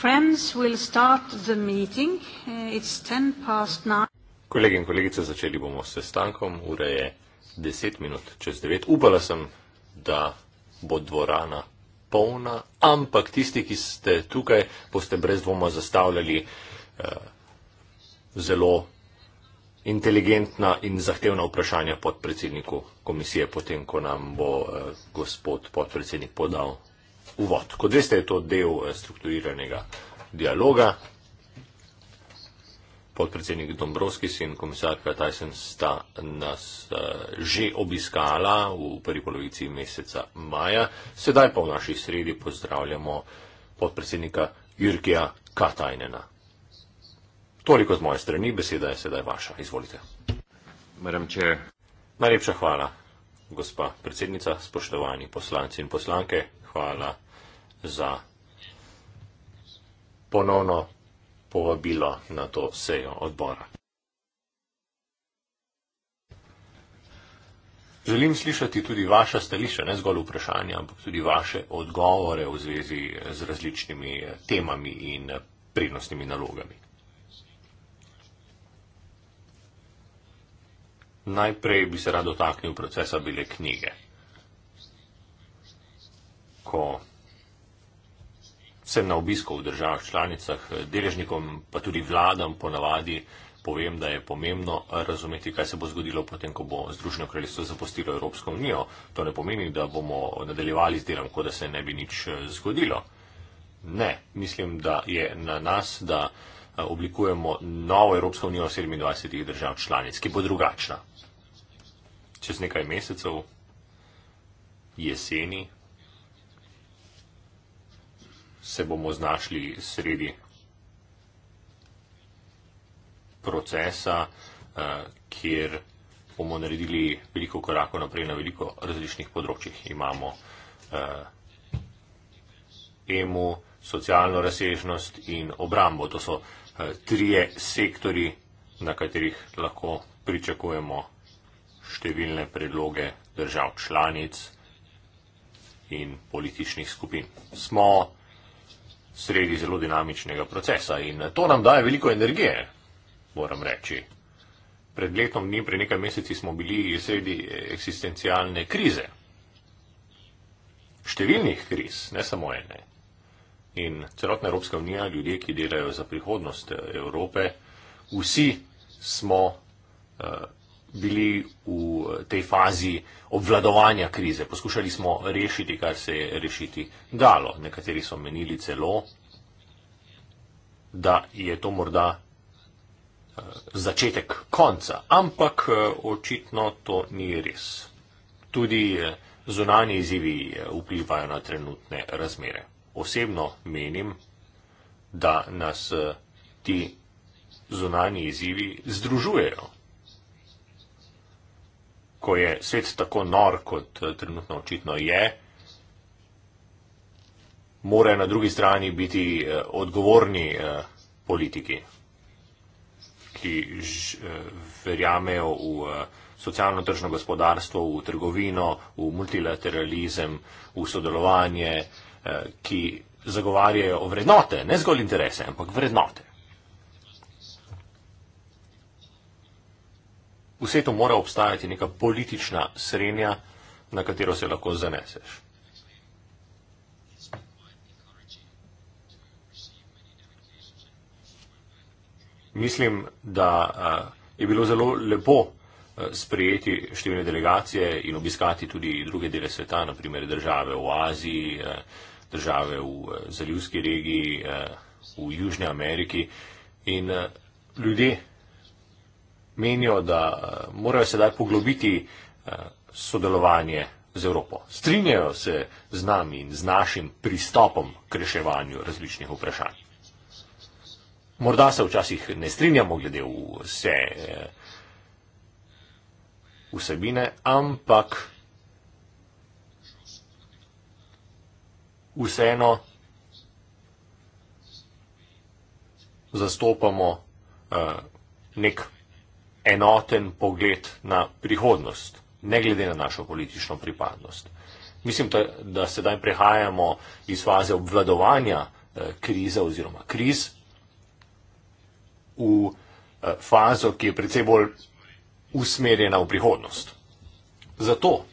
Friends, we'll start the meeting. Uh, it's ten past nine. Kolegi in kolegice, začeli bomo s sestankom. Ura je deset minut čez devet. Upala sem, da bo dvorana polna, ampak tisti, ki ste tukaj, boste brez dvoma zastavljali eh, zelo inteligentna in zahtevna vprašanja podpredsedniku komisije, potem, ko nam bo eh, gospod podpredsednik podal uvod. Kot veste, je to del eh, strukturiranega dialoga. Podpredsednik Dombrovskis in komisarka Tyson sta nas eh, že obiskala v prvi polovici meseca maja. Sedaj pa v naši sredi pozdravljamo podpredsednika Jurkija Katajnena. Toliko z moje strani, beseda je sedaj vaša. Izvolite. Mremče. Najlepša hvala, gospa predsednica, spoštovani poslanci in poslanke, hvala za ponovno povabilo na to sejo odbora. Želim slišati tudi vaše stališče, ne zgolj vprašanja, ampak tudi vaše odgovore v zvezi z različnimi temami in prednostnimi nalogami. Najprej bi se rad dotaknil procesa bile knjige ko sem na obisku v državah članicah, deležnikom, pa tudi vladam ponavadi povem, da je pomembno razumeti, kaj se bo zgodilo potem, ko bo Združeno kraljestvo zapustilo Evropsko unijo. To ne pomeni, da bomo nadaljevali z delom, kot da se ne bi nič eh, zgodilo. Ne, mislim, da je na nas, da eh, oblikujemo novo Evropsko unijo 27 držav članic, ki bo drugačna. Čez nekaj mesecev, jeseni, se bomo znašli sredi procesa, eh, kjer bomo naredili veliko korakov naprej na veliko različnih področjih. Imamo eh, EMU, socialno razsežnost in obrambo. To so eh, trije sektori, na katerih lahko pričakujemo številne predloge držav članic in političnih skupin. Smo sredi zelo dinamičnega procesa in to nam daje veliko energije, moram reči. Pred letom dni, pred nekaj meseci smo bili sredi eksistencialne krize. Številnih kriz, ne samo ene. In celotna Evropska unija, ljudje, ki delajo za prihodnost eh, Evrope, vsi smo uh, bili v eh, tej fazi obvladovanja krize. Poskušali smo rešiti, kar se je rešiti dalo. Nekateri so menili celo, da je to morda eh, začetek konca. Ampak eh, očitno to ni res. Tudi zunanji izzivi vplivajo na trenutne razmere. Osebno menim, da nas ti zunanji izzivi združujejo ko je svet tako nor, kot eh, trenutno očitno je, morajo na drugi strani biti eh, odgovorni eh, politiki, ki verjamejo v socialno-tržno gospodarstvo, v trgovino, v multilateralizem, v sodelovanje, ki zagovarjajo vrednote, ne zgolj interese, ampak vrednote. vse to mora obstajati neka politična srednja, na katero se lahko zaneseš. Mislim, da eh, je bilo zelo lepo eh, sprejeti številne delegacije in obiskati tudi druge dele sveta, naprimer države v Aziji, eh, države v zalivski regiji, v Južni Ameriki in ljudje, menijo, da eh, morajo sedaj poglobiti eh, sodelovanje z Evropo. Strinjajo se z nami in z našim pristopom k reševanju različnih vprašanj. Morda se včasih ne strinjamo glede vse eh, vsebine, ampak vseeno zastopamo nek enoten pogled na prihodnost, ne glede na našo politično pripadnost. Mislim, da, da sedaj prehajamo iz faze obvladovanja eh, krize oziroma kriz v eh, fazo, ki je predvsej bolj usmerjena v prihodnost. Zato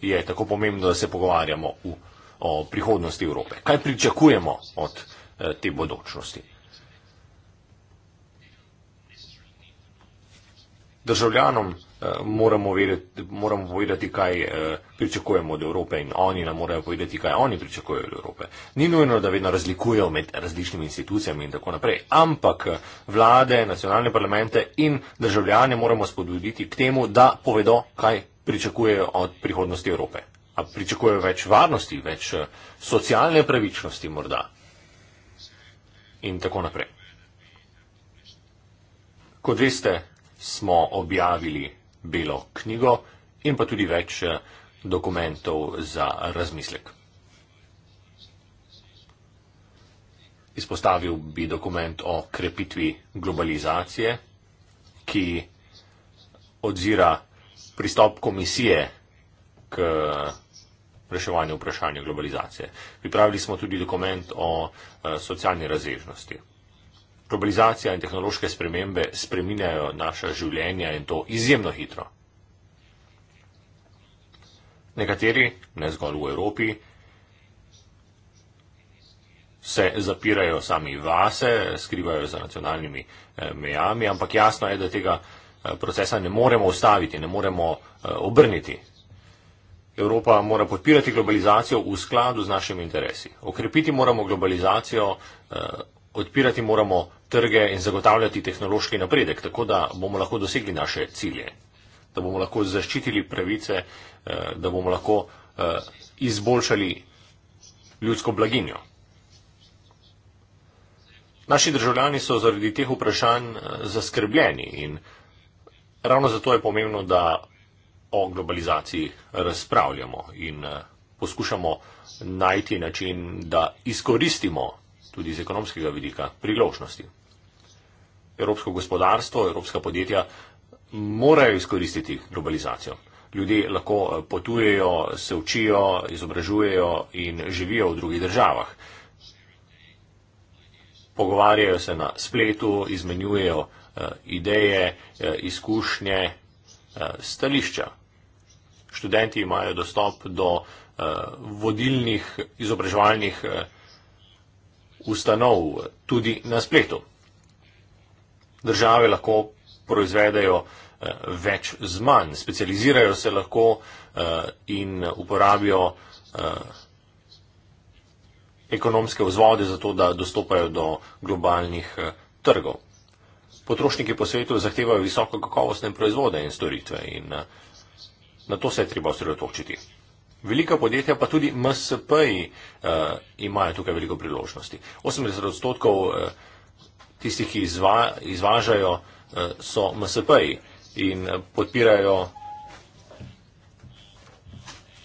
je tako pomembno, da se pogovarjamo v, o prihodnosti Evrope. Kaj pričakujemo od eh, te bodočnosti? državljanom eh, moramo, vedeti, moramo povedati, kaj eh, pričakujemo od Evrope in oni nam morajo povedati, kaj oni pričakujejo od Evrope. Ni nujno, da vedno razlikujejo med različnimi institucijami in tako naprej, ampak eh, vlade, nacionalne parlamente in državljane moramo spodbuditi k temu, da povedo, kaj pričakujejo od prihodnosti Evrope. A pričakujejo več varnosti, več socialne pravičnosti morda in tako naprej. Kot veste, smo objavili belo knjigo in pa tudi več eh, dokumentov za razmislek. Izpostavil bi dokument o krepitvi globalizacije, ki odzira pristop komisije k reševanju vprašanja globalizacije. Pripravili smo tudi dokument o eh, socialni razrežnosti. Globalizacija in tehnološke spremembe spreminjajo naša življenja in to izjemno hitro. Nekateri, ne zgolj v Evropi, se zapirajo sami vase, skrivajo za nacionalnimi eh, mejami, ampak jasno je, da tega eh, procesa ne moremo ustaviti, ne moremo eh, obrniti. Evropa mora podpirati globalizacijo v skladu z našimi interesi. Okrepiti moramo globalizacijo, odpirati moramo trge in zagotavljati tehnološki napredek, tako da bomo lahko dosegli naše cilje, da bomo lahko zaščitili pravice, eh, da bomo lahko eh, izboljšali ljudsko blaginjo. Naši državljani so zaradi teh vprašanj eh, zaskrbljeni in ravno zato je pomembno, da o globalizaciji razpravljamo in poskušamo najti način, da izkoristimo tudi z ekonomskega vidika priložnosti. Evropsko gospodarstvo, evropska podjetja morajo izkoristiti globalizacijo. Ljudje lahko eh, potujejo, se učijo, izobražujejo in živijo v drugih državah. Pogovarjajo se na spletu, izmenjujejo eh, ideje, eh, izkušnje, stališča. Študenti imajo dostop do vodilnih izobraževalnih ustanov tudi na spletu. Države lahko proizvedejo eh, več z manj, specializirajo se lahko eh, in uporabijo eh, ekonomske vzvode za to, da dostopajo do globalnih trgov. Potrošniki po svetu zahtevajo visoko kakovostne proizvode in storitve in na to se je treba osredotočiti. Velika podjetja, pa tudi MSP-ji, eh, imajo tukaj veliko priložnosti. 80 odstotkov eh, tistih, ki izva, izvažajo, eh, so MSP-ji in eh, podpirajo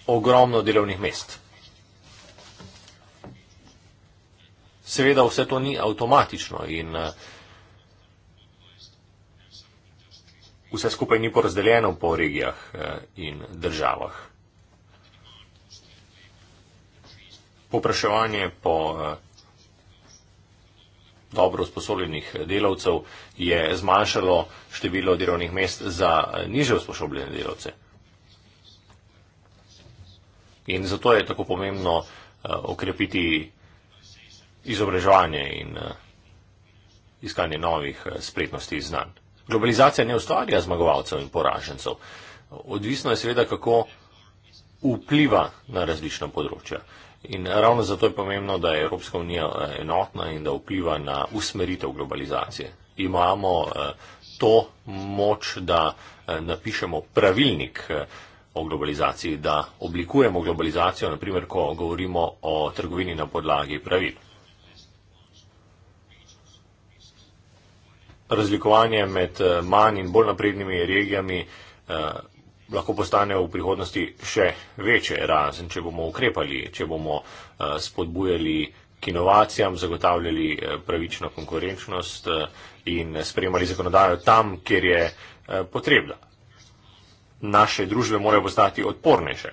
ogromno delovnih mest. Seveda vse to ni avtomatično in eh, vse skupaj ni porazdeljeno po regijah eh, in državah. Popraševanje po eh, dobro usposobljenih delavcev je zmanjšalo število delovnih mest za eh, niže usposobljene delavce. In zato je tako pomembno eh, okrepiti izobraževanje in iskanje novih spletnosti in znanj. Globalizacija ne ustvarja zmagovalcev in poražencev. Odvisno je seveda, kako vpliva na različna področja. In ravno zato je pomembno, da je Evropska unija eh, enotna in da vpliva na usmeritev globalizacije. Imamo eh, to moč, da eh, napišemo pravilnik o globalizaciji, da oblikujemo globalizacijo, naprimer, ko govorimo o trgovini na podlagi pravil. Razlikovanje med manj in bolj naprednimi regijami lahko postane v prihodnosti še večje, razen če bomo ukrepali, če bomo eh, spodbujali k inovacijam, zagotavljali eh, pravično konkurenčnost eh, in sprejemali zakonodajo tam, kjer je potrebna. Naše družbe morajo postati odpornejše.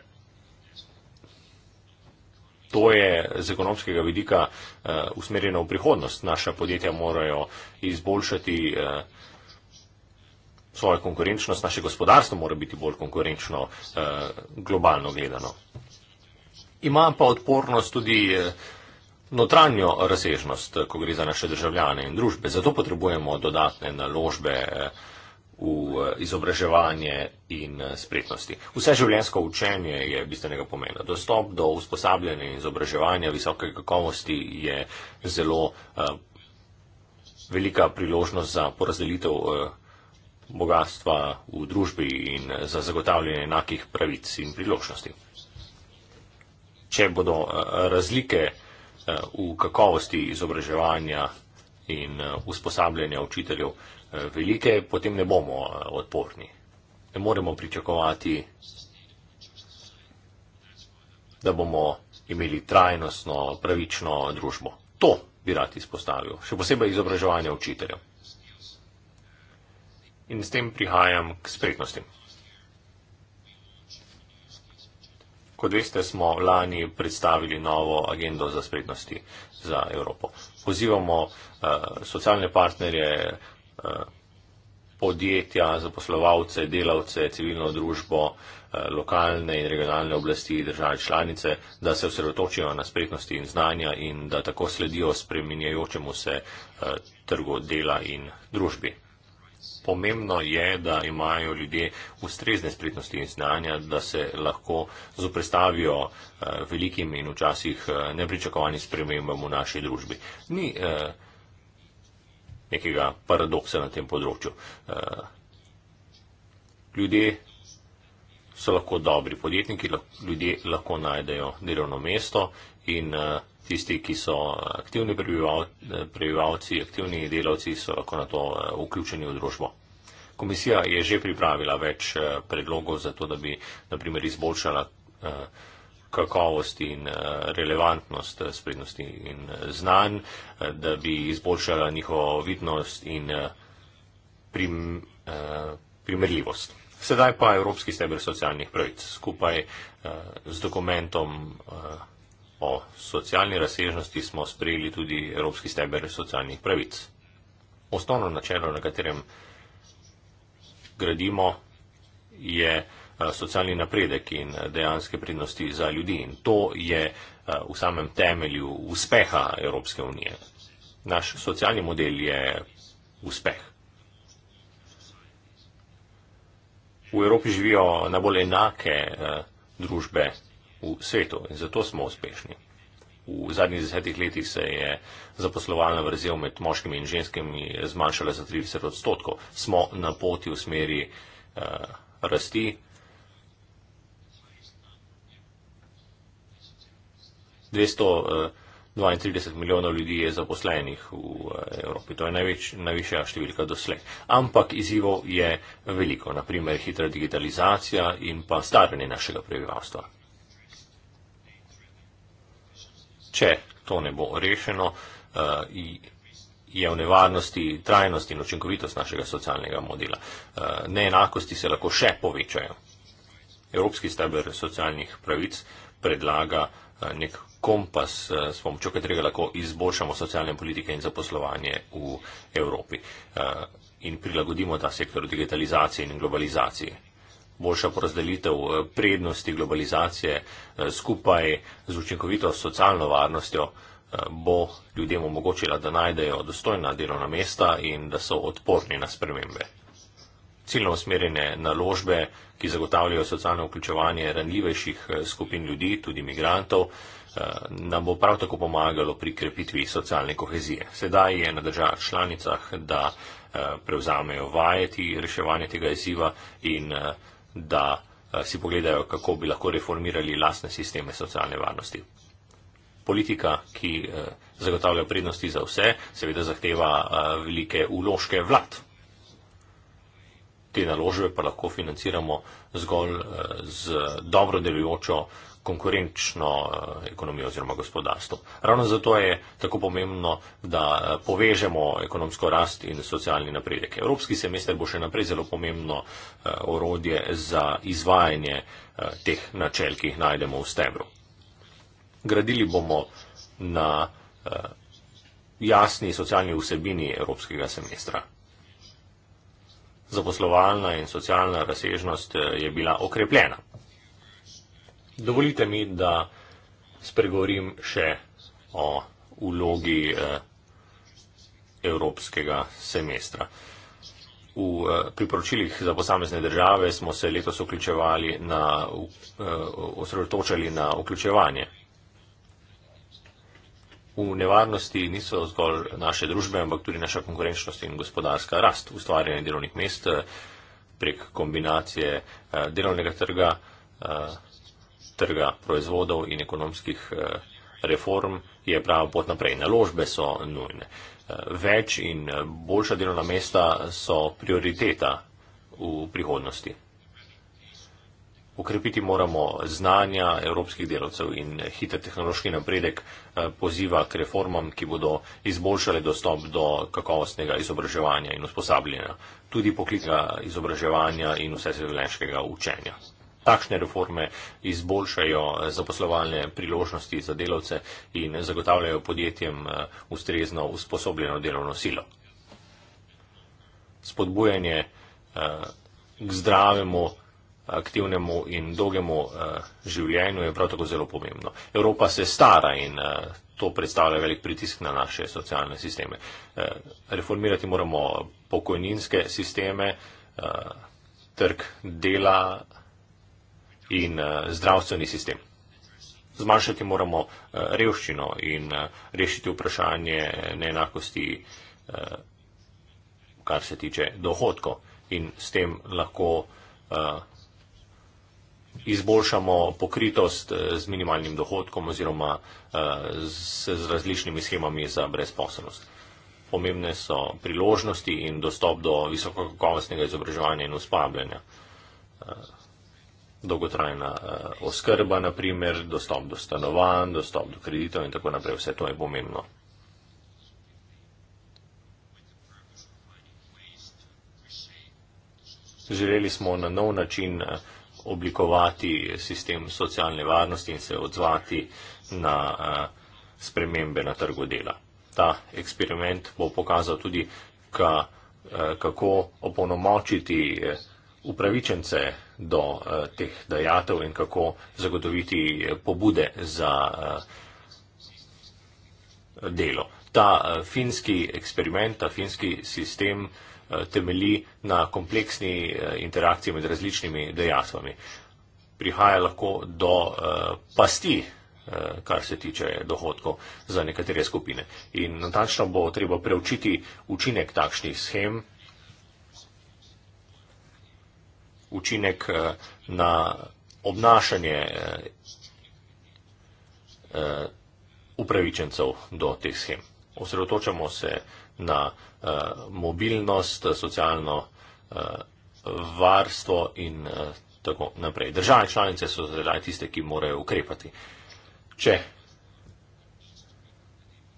To je z ekonomskega vidika usmerjeno v prihodnost. Naša podjetja morajo izboljšati svojo konkurenčnost, naše gospodarstvo mora biti bolj konkurenčno eh, globalno gledano. Ima pa odpornost tudi eh, notranjo razsežnost, eh, ko gre za naše državljane in družbe. Zato potrebujemo dodatne naložbe eh, v izobraževanje in spretnosti. Vse življensko učenje je bistvenega pomena. Dostop do usposabljanja in izobraževanja visoke kakovosti je zelo velika priložnost za porazdelitev bogatstva v družbi in za zagotavljanje enakih pravic in priložnosti. Če bodo eh, razlike eh, v kakovosti izobraževanja in eh, usposabljanja učiteljev velike, potem ne bomo odporni. Ne moremo pričakovati, da bomo imeli trajnostno, pravično družbo. To bi rad izpostavil, še posebej izobraževanje učiteljev in s tem prihajam k spretnostim. Kot veste, smo lani predstavili novo agendo za spretnosti za Evropo. Pozivamo uh, socialne partnerje, uh, podjetja, zaposlovalce, delavce, civilno družbo, uh, lokalne in regionalne oblasti, države članice, da se osredotočijo na spretnosti in znanja in da tako sledijo spreminjajočemu se uh, trgu dela in družbi. Pomembno je, da imajo ljudje ustrezne spretnosti in znanja, da se lahko zoprestavijo eh, velikim in včasih eh, nepričakovanim spremembam v naši družbi. Ni eh, nekega paradoksa na tem področju. Eh, ljudje so lahko dobri podjetniki, lahko, ljudje lahko najdejo delovno mesto in eh, tisti, ki so aktivni prebivalci, aktivni delavci, so lahko na to eh, vključeni v družbo. Komisija je že pripravila več eh, predlogov za to, da bi naprimer izboljšala eh, kakovost in relevantnost sprednosti in znanj, da bi izboljšala njihovo vidnost in prim, primerljivost. Sedaj pa Evropski stebr socialnih pravic skupaj z dokumentom o socialni razsežnosti smo sprejeli tudi Evropski steber socialnih pravic. Osnovno načelo, na katerem gradimo, je eh, socialni napredek in dejanske prednosti za ljudi. In to je eh, v samem temelju uspeha Evropske unije. Naš socialni model je uspeh. V Evropi živijo najbolj enake eh, družbe v svetu in zato smo uspešni. V zadnjih desetih letih se je zaposlovalna vrzel med moškimi in ženskimi zmanjšala za 30 odstotkov. Smo na poti v smeri uh, rasti. Dvesto 32 eh, milijonov ljudi je zaposlenih v eh, Evropi. To je največ, najvišja številka doslej. Ampak izzivov je veliko, naprimer hitra digitalizacija in pa staranje našega prebivalstva. če to ne bo rešeno, eh, je v nevarnosti trajnost in učinkovitost našega socialnega modela. Eh, neenakosti se lahko še povečajo. Evropski stebr socialnih pravic predlaga eh, nek kompas, s pomočjo katerega lahko izboljšamo socialne politike in zaposlovanje v Evropi in prilagodimo ta sektor digitalizaciji in globalizaciji boljša porazdelitev eh, prednosti globalizacije eh, skupaj z učinkovito socialno varnostjo eh, bo ljudem omogočila, da najdejo dostojna delovna mesta in da so odporni na spremembe. Ciljno usmerjene naložbe, ki zagotavljajo socialno vključevanje ranljivejših skupin ljudi, tudi migrantov, nam bo prav tako pomagalo pri krepitvi socialne kohezije. Sedaj je na državah članicah, da prevzamejo vajeti reševanje tega izziva in da eh, si pogledajo, kako bi lahko reformirali lasne sisteme socialne varnosti. Politika, ki eh, zagotavlja prednosti za vse, seveda zahteva eh, velike uložke vlad. Te naložbe pa lahko financiramo zgolj z dobro delujočo konkurenčno eh, ekonomijo oziroma gospodarstvo. Ravno zato je tako pomembno, da eh, povežemo ekonomsko rast in socialni napredek. Evropski semester bo še naprej zelo pomembno eh, orodje za izvajanje teh načel, ki jih najdemo v stebru. Gradili bomo na jasni socialni vsebini evropskega semestra. Zaposlovalna in socialna razsežnost je bila okrepljena. Dovolite mi, da spregovorim še o vlogi eh, evropskega semestra. V eh, priporočilih za posamezne države smo se letos vključevali na, eh, osredotočali na vključevanje. V nevarnosti niso zgolj naše družbe, ampak tudi naša konkurenčnost in gospodarska rast, ustvarjanje delovnih mest prek kombinacije delovnega trga, trga proizvodov in ekonomskih eh, reform je prava pot naprej. Naložbe so nujne. Eh, več in eh, boljša delovna mesta so prioriteta v prihodnosti. Ukrepiti moramo znanja evropskih delovcev in hiter tehnološki napredek poziva k reformam, ki bodo izboljšale dostop do kakovostnega izobraževanja in usposabljanja, tudi poklica izobraževanja in vseživljenjskega učenja takšne reforme izboljšajo zaposlovalne priložnosti za delavce in zagotavljajo podjetjem eh, ustrezno usposobljeno delovno silo. Spodbujanje eh, k zdravemu, aktivnemu in dolgemu eh, življenju je prav tako zelo pomembno. Evropa se stara in to predstavlja velik pritisk na naše socialne sisteme. Reformirati moramo pokojninske sisteme, trg dela, in eh, zdravstveni sistem. Zmanjšati moramo eh, revščino in eh, rešiti vprašanje neenakosti, kar se tiče dohodkov in s tem lahko izboljšamo pokritost z minimalnim dohodkom oziroma z različnimi schemami za brezposobnost. Pomembne so priložnosti in dostop do visokokakovostnega izobraževanja in usposabljanja dolgotrajna uh, oskrba, naprimer, dostop do stanovanj, dostop do kreditov in tako naprej. Vse to je pomembno. Želeli smo na nov način eh, oblikovati sistem socialne varnosti in se odzvati na eh, spremembe na trgu dela. Ta eksperiment bo pokazal tudi, ka, kako opolnomočiti upravičence do uh, teh dajatev in kako zagotoviti eh, pobude za uh, delo. Ta uh, finski eksperiment, ta finski sistem uh, temeli na kompleksni uh, interakciji med različnimi dejatvami. Prihaja lahko do uh, pasti, uh, kar se tiče dohodkov za nekatere skupine. In natančno bo treba preučiti učinek takšnih schem, učinek eh, na obnašanje eh, eh, upravičencev do teh schem. Osredotočamo se na mobilnost, socialno varstvo in tako naprej. Države članice so zdaj tiste, ki morajo ukrepati. Če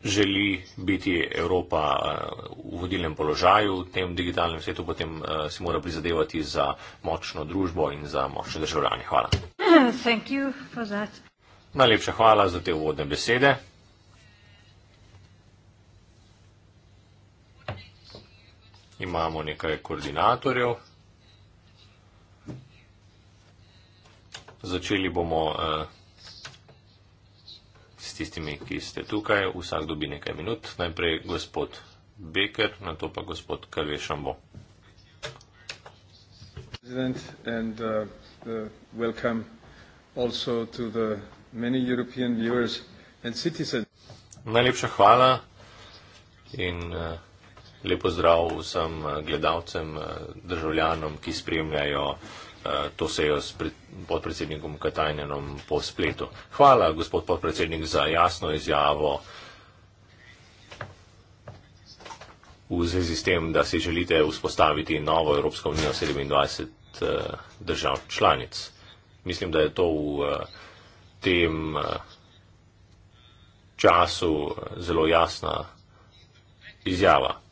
želi biti Evropa eh, v vodilnem položaju v tem digitalnem svetu, potem eh, si mora prizadevati za močno družbo in za močne državljane. Hvala. Najlepša hvala za te uvodne besede. Imamo nekaj koordinatorjev. Začeli bomo. Uh, tistimi, ki ste tukaj, vsak dobi nekaj minut. Najprej gospod Beker, na to pa gospod Kave Šambo. Uh, uh, Najlepša hvala in uh, lepo zdrav vsem gledalcem, državljanom, ki spremljajo Eh, to sejo s podpredsednikom Katajnenom po spletu. Hvala, gospod podpredsednik, za jasno izjavo v zvezi s tem, da si želite vzpostaviti novo Evropsko unijo 27 eh, držav članic. Mislim, da je to v eh, tem času zelo jasna izjava.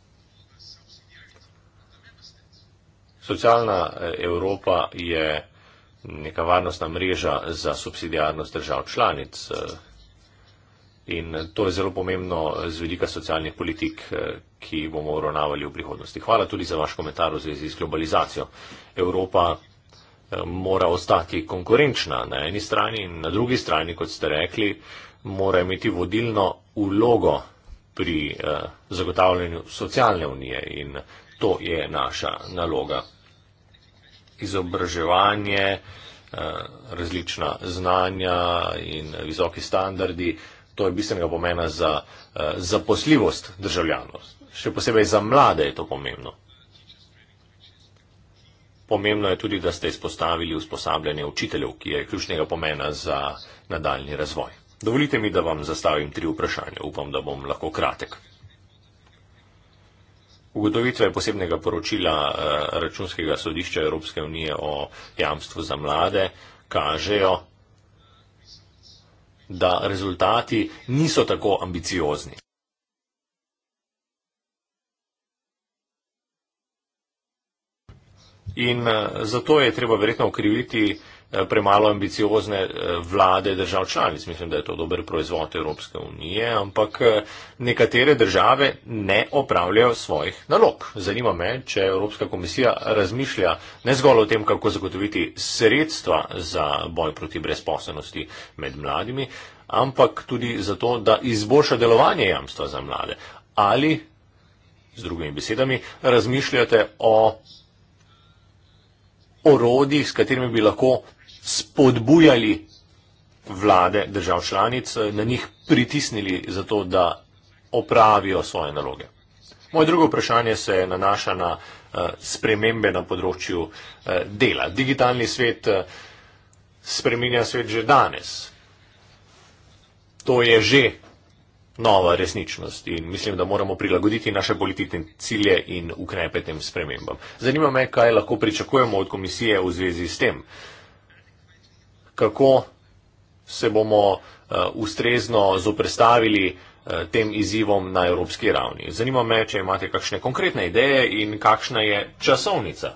Socialna e, Evropa je neka varnostna mreža za subsidijarnost držav članic e, in to je zelo pomembno z velika socialnih politik, e, ki bomo uravnavali v prihodnosti. Hvala tudi za vaš komentar v zvezi z globalizacijo. Evropa mora ostati konkurenčna na eni strani in na drugi strani, kot ste rekli, mora imeti vodilno ulogo pri zagotavljanju socialne unije in to je naša naloga. Izobraževanje, eh, različna znanja in visoki standardi, to je bistvenega pomena za eh, zaposljivost državljanov. Še posebej za mlade je to pomembno. Pomembno je tudi, da ste izpostavili usposabljanje učiteljev, ki je ključnega pomena za nadaljni razvoj. Dovolite mi, da vam zastavim tri vprašanja. Upam, da bom lahko kratek. Ugotovitve posebnega poročila eh, Računskega sodišča Evropske unije o jamstvu za mlade kažejo, da rezultati niso tako ambiciozni. In eh, zato je treba verjetno okriviti Eh, premalo ambiciozne eh, vlade držav članic. Mislim, da je to dober proizvod Evropske unije, ampak eh, nekatere države ne opravljajo svojih nalog. Zanima me, če Evropska komisija razmišlja ne zgolj o tem, kako zagotoviti sredstva za boj proti brezposobnosti med mladimi, ampak tudi zato, da izboljša delovanje jamstva za mlade. Ali, z drugimi besedami, razmišljate o orodjih, s katerimi bi lahko spodbujali vlade držav članic, na njih pritisnili za to, da opravijo svoje naloge. Moje drugo vprašanje se nanaša na eh, spremembe na področju eh, dela. Digitalni svet eh, spreminja svet že danes. To je že nova resničnost in mislim, da moramo prilagoditi naše politične cilje in ukrepe tem spremembam. Zanima me, kaj lahko pričakujemo od komisije v zvezi s tem kako se bomo uh, ustrezno zoprestavili uh, tem izzivom na evropski ravni. Zanima me, če imate kakšne konkretne ideje in kakšna je časovnica.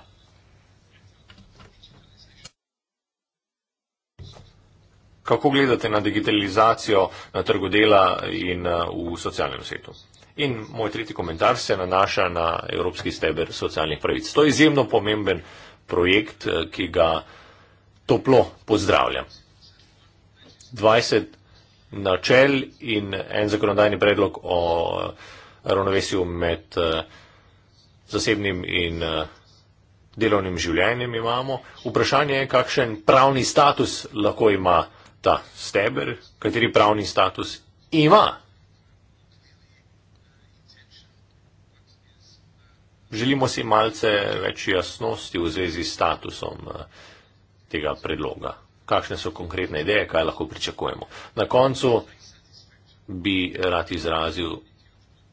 Kako gledate na digitalizacijo na trgu dela in eh, v socialnem svetu? In moj tretji komentar se nanaša na Evropski steber socialnih pravic. To je izjemno pomemben projekt, ki ga toplo pozdravljam. 20 načel in en zakonodajni predlog o eh, ravnovesju med eh, zasebnim in eh, delovnim življenjem imamo. Vprašanje je, kakšen pravni status lahko ima ta steber, kateri pravni status ima. Želimo si malce več jasnosti v zvezi s statusom uh, tega predloga? Kakšne so konkretne ideje, kaj lahko pričakujemo? Na koncu bi rad izrazil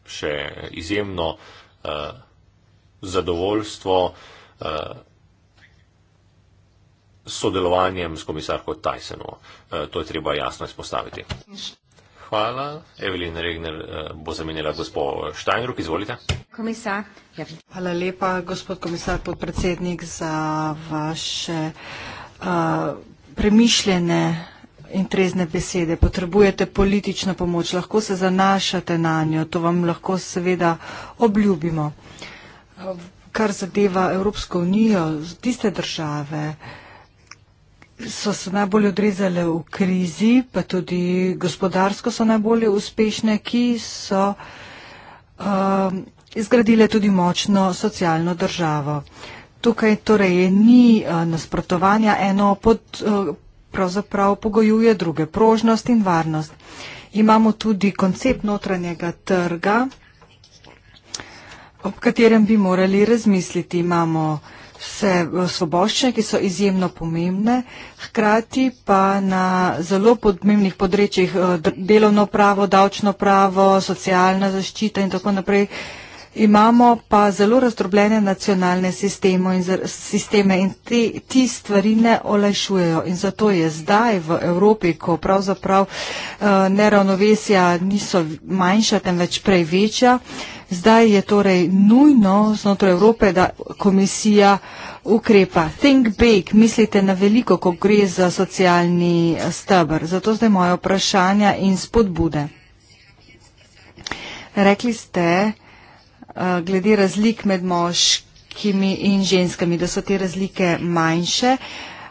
še izjemno uh, zadovoljstvo uh, sodelovanjem s komisarko Tysonovo. Uh, eh, to je treba jasno izpostaviti. Hvala. Evelin Regner bo zamenjala gospod Štajnruk. Izvolite. Komisar. Ja, Hvala lepa, gospod komisar, podpredsednik, za vaše. Uh, premišljene in trezne besede, potrebujete politično pomoč, lahko se zanašate na njo, to vam lahko seveda obljubimo. Kar zadeva Evropsko unijo, tiste države so se najbolj odrezale v krizi, pa tudi gospodarsko so najbolj uspešne, ki so um, izgradile tudi močno socialno državo. Uh, Tukaj torej ni eh, nasprotovanja, eno pod, eh, pravzaprav pogojuje druge prožnost in varnost. Imamo tudi koncept notranjega trga, ob katerem bi morali razmisliti. Imamo vse eh, svoboščine, ki so izjemno pomembne, hkrati pa na zelo podmemnih podrečjih delovno pravo, davčno pravo, socialna zaščita in tako naprej imamo pa zelo razdrobljene nacionalne sisteme in te, ti stvari ne olajšujejo. In zato je zdaj v Evropi, ko pravzaprav uh, neravnovesja niso manjša, temveč prej večja, zdaj je torej nujno znotraj Evrope, da komisija ukrepa. Think big, mislite na veliko, ko gre za socialni eh, stebr. Zato zdaj moje vprašanja in spodbude. Rekli ste, Eh, glede razlik med moškimi in ženskami, da so te razlike manjše,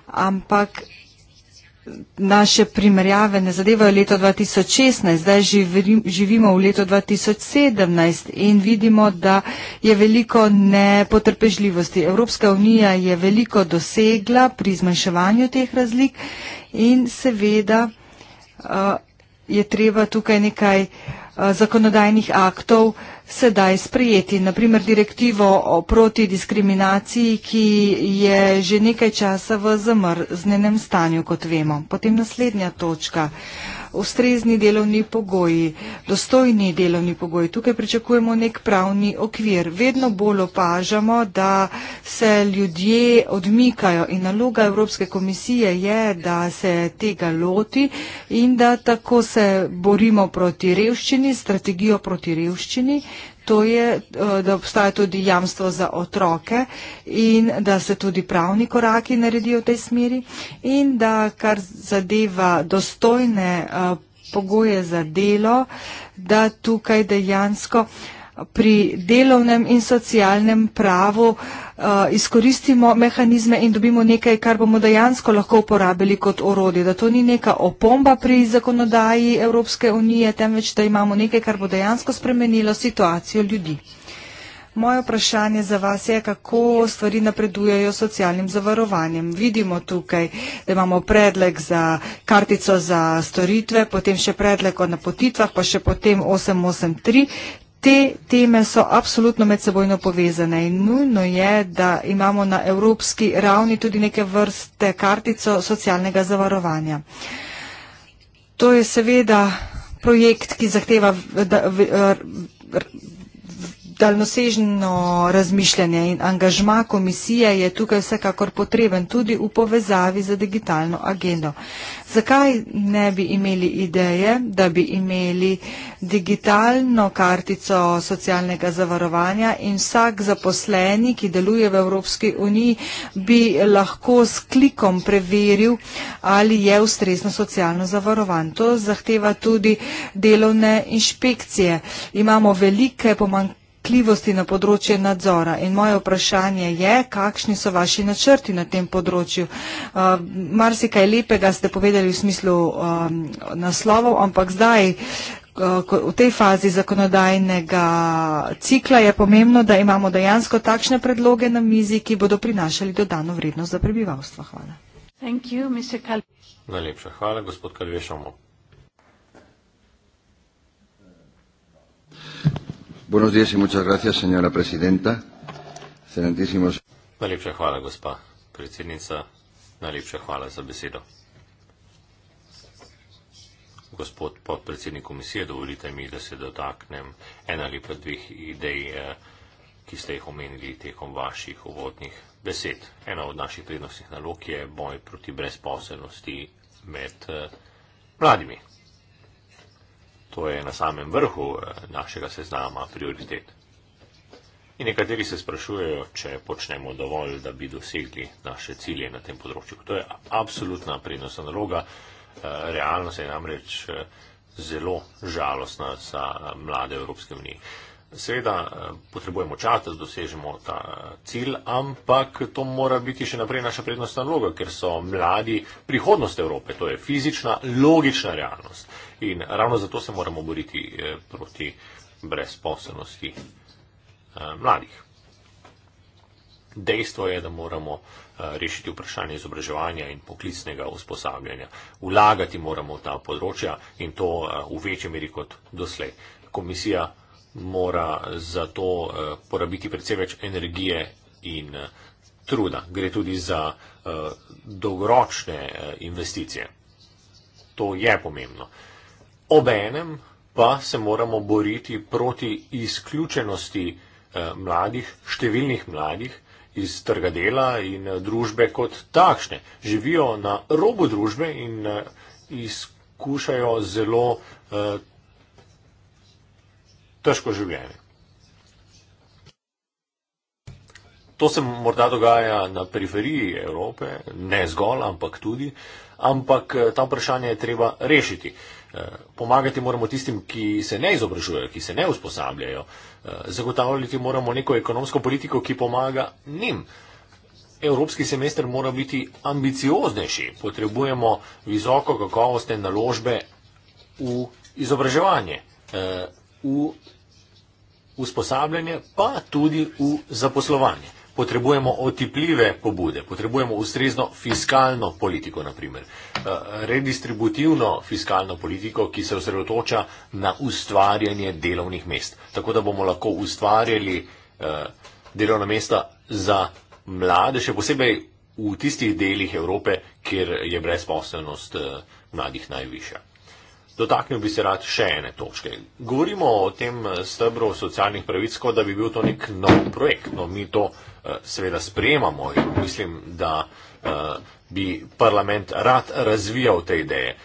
ampak naše primerjave ne zadevajo leto 2016, zdaj živim, živimo v leto 2017 in vidimo, da je veliko nepotrpežljivosti. Evropska unija je veliko dosegla pri zmanjševanju teh razlik in seveda uh, je treba tukaj nekaj uh, zakonodajnih aktov uh, sedaj sprejeti. Naprimer direktivo o proti diskriminaciji, ki je že nekaj časa v zamrznenem stanju, kot vemo. Potem naslednja točka. Uh, ustrezni delovni pogoji, dostojni delovni pogoji. Tukaj pričakujemo nek pravni okvir. Vedno bolj opažamo, da se ljudje odmikajo in naloga Evropske komisije je, da se tega loti in da tako se borimo proti revščini, strategijo proti revščini, to je, eh, da obstaja tudi jamstvo za otroke in da se tudi pravni koraki naredijo v tej smeri in da kar zadeva dostojne eh, pogoje za delo, da tukaj dejansko uh, pri delovnem in socialnem pravu eh, izkoristimo mehanizme in dobimo nekaj, kar bomo dejansko lahko uporabili kot orodje. Da to ni neka opomba pri zakonodaji Evropske unije, temveč da imamo nekaj, kar bo dejansko spremenilo situacijo ljudi. Moje vprašanje za vas je, kako stvari napredujejo s socialnim zavarovanjem. Vidimo tukaj, da imamo predlog za kartico za storitve, potem še predlog o napotitvah, pa še potem 883 te teme so apsolutno medsebojno povezane in nujno je, da imamo na evropski ravni tudi neke vrste kartico socialnega zavarovanja. To je seveda projekt, ki zahteva daljnosežno razmišljanje in angažma komisije je tukaj vsekakor potreben tudi v povezavi z digitalno agendo. Zakaj ne bi imeli ideje, da bi imeli digitalno kartico socialnega zavarovanja in vsak zaposleni, ki deluje v Evropski uniji, bi lahko s klikom preveril, ali je ustrezno socialno zavarovan. To zahteva tudi delovne inšpekcije. Imamo velike pomankljivosti pomankljivosti na področju nadzora. In moje vprašanje je, kakšni so vaši načrti na tem področju. Uh, mar si kaj lepega ste povedali v smislu um, naslovov, ampak zdaj. Uh, v tej fazi zakonodajnega cikla je pomembno, da imamo dejansko takšne predloge na mizi, ki bodo prinašali dodano vrednost za prebivalstvo. Hvala. You, Najlepša hvala, gospod Kalvešamo. Buenos días y muchas gracias, señora presidenta. Excelentísimos. Najlepša hvala, gospa predsednica. Najlepša hvala za besedo. Gospod podpredsednik komisije, dovolite mi, da se dotaknem ena ali pa dveh idej, eh, ki ste jih omenili tekom vaših uvodnih besed. Ena od naših prednostnih nalog je boj proti brezposelnosti med eh, mladimi. To je na samem vrhu eh, našega seznama prioritet. In nekateri se sprašujejo, če počnemo dovolj, da bi dosegli naše cilje na tem področju. To je absolutna prednostna naloga. Eh, realnost je namreč eh, zelo žalostna za mlade Evropske unije. Seveda eh, potrebujemo čas, da dosežemo ta eh, cilj, ampak to mora biti še naprej naša prednostna vloga, ker so mladi prihodnost Evrope. To je fizična, logična realnost. In ravno zato se moramo boriti eh, proti brezposobnosti mladih. Dejstvo je, da moramo rešiti vprašanje izobraževanja in poklicnega usposabljanja. Vlagati moramo v ta področja in to v večji meri kot doslej. Komisija mora za to eh, porabiti predvsej več energije in eh, truda. Gre tudi za eh, dolgoročne investicije. To je pomembno. Obenem pa se moramo boriti proti izključenosti mladih, številnih mladih iz trga dela in družbe kot takšne. Živijo na robu družbe in izkušajo zelo težko življenje. To se morda dogaja na periferiji Evrope, ne zgolj, ampak tudi, ampak eh, ta vprašanje je treba rešiti. Eh, pomagati moramo tistim, ki se ne izobražujejo, ki se ne usposabljajo. Eh, zagotavljati moramo neko ekonomsko politiko, ki pomaga njim. Evropski semester mora biti ambicioznejši. Potrebujemo visoko kakovostne naložbe v izobraževanje v usposabljanje, pa tudi v zaposlovanje. Potrebujemo otipljive pobude, potrebujemo ustrezno fiskalno politiko, naprimer. Eh, redistributivno fiskalno politiko, ki se osredotoča na ustvarjanje delovnih mest, tako da bomo lahko ustvarjali eh, delovna mesta za mlade, še posebej v tistih delih Evrope, kjer je brezposelnost eh, mladih najvišja. Dotaknil bi se rad še ene točke. Govorimo o tem eh, stebru socialnih pravic, kot da bi bil to nek nov projekt. No, mi to eh, seveda sprejemamo in mislim, da eh, bi parlament rad razvijal te ideje.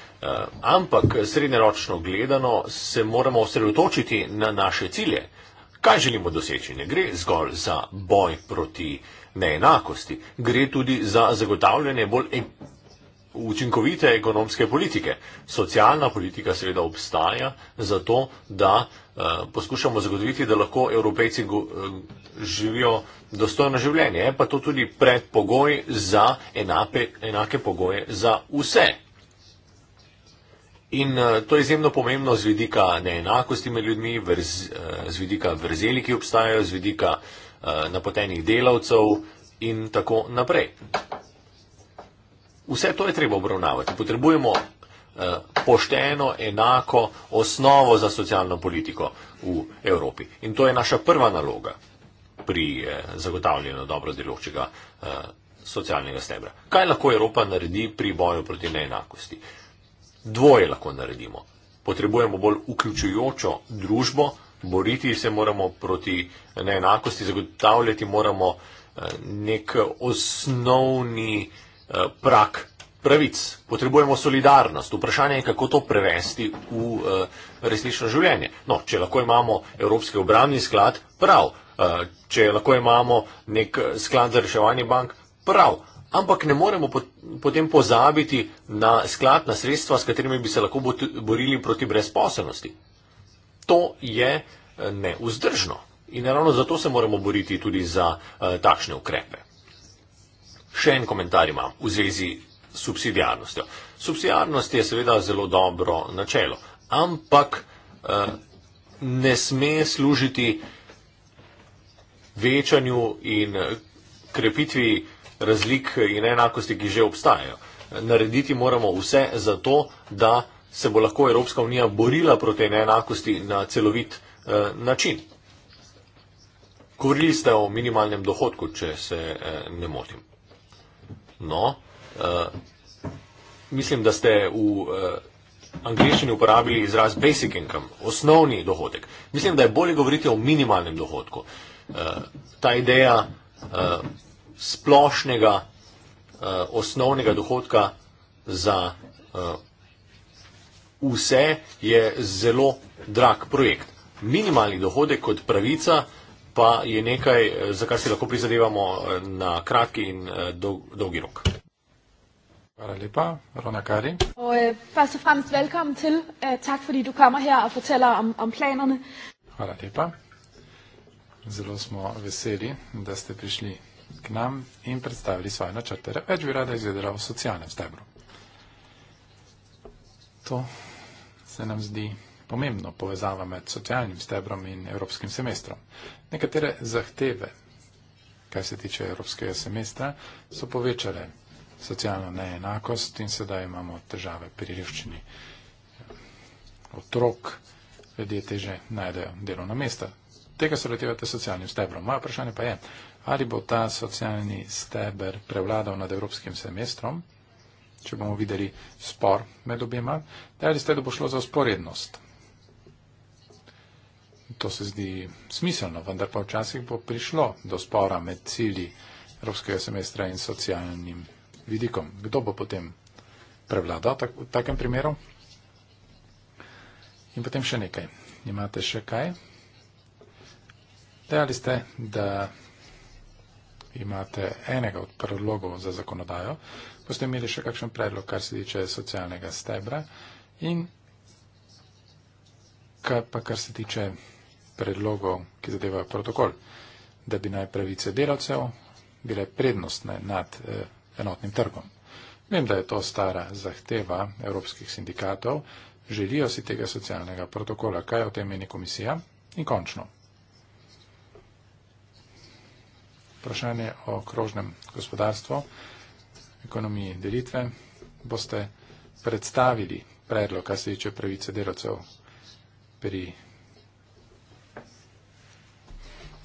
Ampak srednjeročno gledano se moramo osredotočiti na naše cilje. Kaj želimo doseči? Ne gre zgolj za boj proti neenakosti, gre tudi za zagotavljanje bolj učinkovite ekonomske politike. Socialna politika seveda obstaja zato, da eh, poskušamo zagotoviti, da lahko evropejci eh, živijo dostojno življenje. Je pa to tudi predpogoj za enape, enake pogoje za vse. In eh, to je izjemno pomembno z vidika neenakosti med ljudmi, vrz, z vidika vrzeli, ki obstajajo, z vidika napotenih delavcev in tako naprej. Vse to je treba obravnavati. Potrebujemo eh, pošteno, enako osnovo za socialno politiko v Evropi. In to je naša prva naloga pri eh, zagotavljanju dobro delovčega eh, socialnega stebra. Kaj lahko Evropa naredi pri boju proti neenakosti? Dvoje lahko naredimo. Potrebujemo bolj vključujočo družbo, boriti se moramo proti neenakosti, zagotavljati moramo nek osnovni Eh, prak pravic. Potrebujemo solidarnost. Vprašanje je, kako to prevesti v eh, resnično življenje. No, če lahko imamo Evropski obramni sklad, prav. Eh, če lahko imamo nek sklad za reševanje bank, prav. Ampak ne moremo potem pozabiti na sklad, na sredstva, s katerimi bi se lahko borili proti brezposelnosti. To je neuzdržno. In ravno zato se moramo boriti tudi za takšne ukrepe. Še en komentar imam v zvezi s subsidijarnostjo. Subsidijarnost je seveda zelo dobro načelo, ampak eh, ne sme služiti večanju in krepitvi razlik in enakosti, ki že obstajajo. Narediti moramo vse za to, da se bo lahko Evropska unija borila proti neenakosti na celovit eh, način. Govorili ste o minimalnem dohodku, če se eh, ne motim. No, uh, mislim, da ste v uh, eh, angliščini uporabili izraz basic income, osnovni dohodek. Mislim, da je bolje govoriti o minimalnem dohodku. Uh, ta ideja uh, splošnega uh, osnovnega dohodka za uh, vse je zelo drag projekt. Minimalni dohodek kot pravica uh, pa je nekaj, eh, za kar si lahko prizadevamo eh, na kratki in eh, dolg, dolgi rok. Hvala lepa, Rona Kari. Prvo in främst, velkommen til. Øh, tak, fordi du kommer her og fortæller om, om planerne. Hvala lepa. Zelo smo veseli, da ste prišli k nam in predstavili svoje načrte. Več bi rada izvedela v socialnem stebru. To se nam zdi pomembno povezava med socialnim stebrom in evropskim semestrom. Nekatere zahteve, kar se tiče evropskega semestra, so povečale socialno neenakost in sedaj imamo težave pri revščini otrok, ljudje teže najdejo delovna mesta. Tega se lotevate s socialnim stebrom. Moje vprašanje pa je, ali bo ta socialni steber prevladal nad evropskim semestrom, če bomo videli spor med obima, ali ste, da bo šlo za sporednost to se zdi smiselno, vendar pa včasih bo prišlo do spora med cilji evropskega semestra in socialnim vidikom. Kdo bo potem prevladal tak, v takem primeru? In potem še nekaj. Imate še kaj? Dejali ste, da imate enega od predlogov za zakonodajo. Boste imeli še kakšen predlog, kar se tiče socialnega stebra in kar, pa kar se tiče predlogov, ki zadevajo protokol, da bi naj pravice delavcev bile prednostne nad eh, enotnim trgom. Vem, da je to stara zahteva evropskih sindikatov, želijo si tega socialnega protokola, kaj o tem meni komisija in končno. Vprašanje o krožnem gospodarstvu, ekonomiji delitve. Boste predstavili predlog, kar se tiče pravice delavcev pri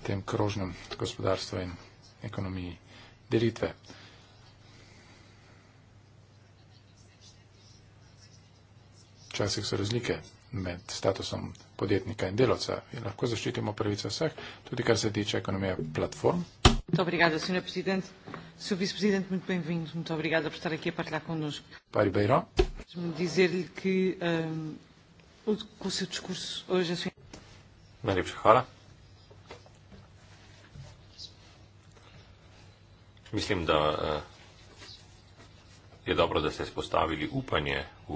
tem krožnem gospodarstvu in ekonomiji delitve. Včasih so razlike med statusom podjetnika in delovca in lahko zaščitimo pravice vseh, tudi kar se tiče ekonomije platform. Obrigado, senhor presidente. Senhor vice-presidente, muito bem-vindo. Muito obrigada por estar aqui a partilhar connosco. Pai Beiró. Deixe-me dizer-lhe que um, o, o seu discurso hoje é senhor. Maria Pichara. Mislim, da eh, je dobro, da ste spostavili upanje v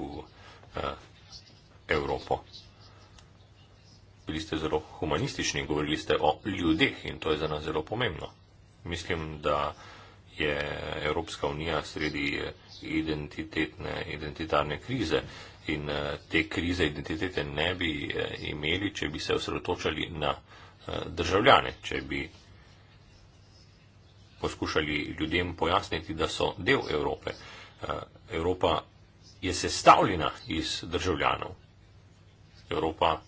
eh, Evropo. Bili ste zelo humanistični, govorili ste o ljudeh in to je za nas zelo pomembno. Mislim, da je Evropska unija sredi eh, identitetne, identitarne krize in te krize identitete ne bi imeli, če bi se osredotočali na državljane, če bi poskušali ljudem pojasniti, da so del Evrope. Eh, Evropa je sestavljena iz državljanov. Evropa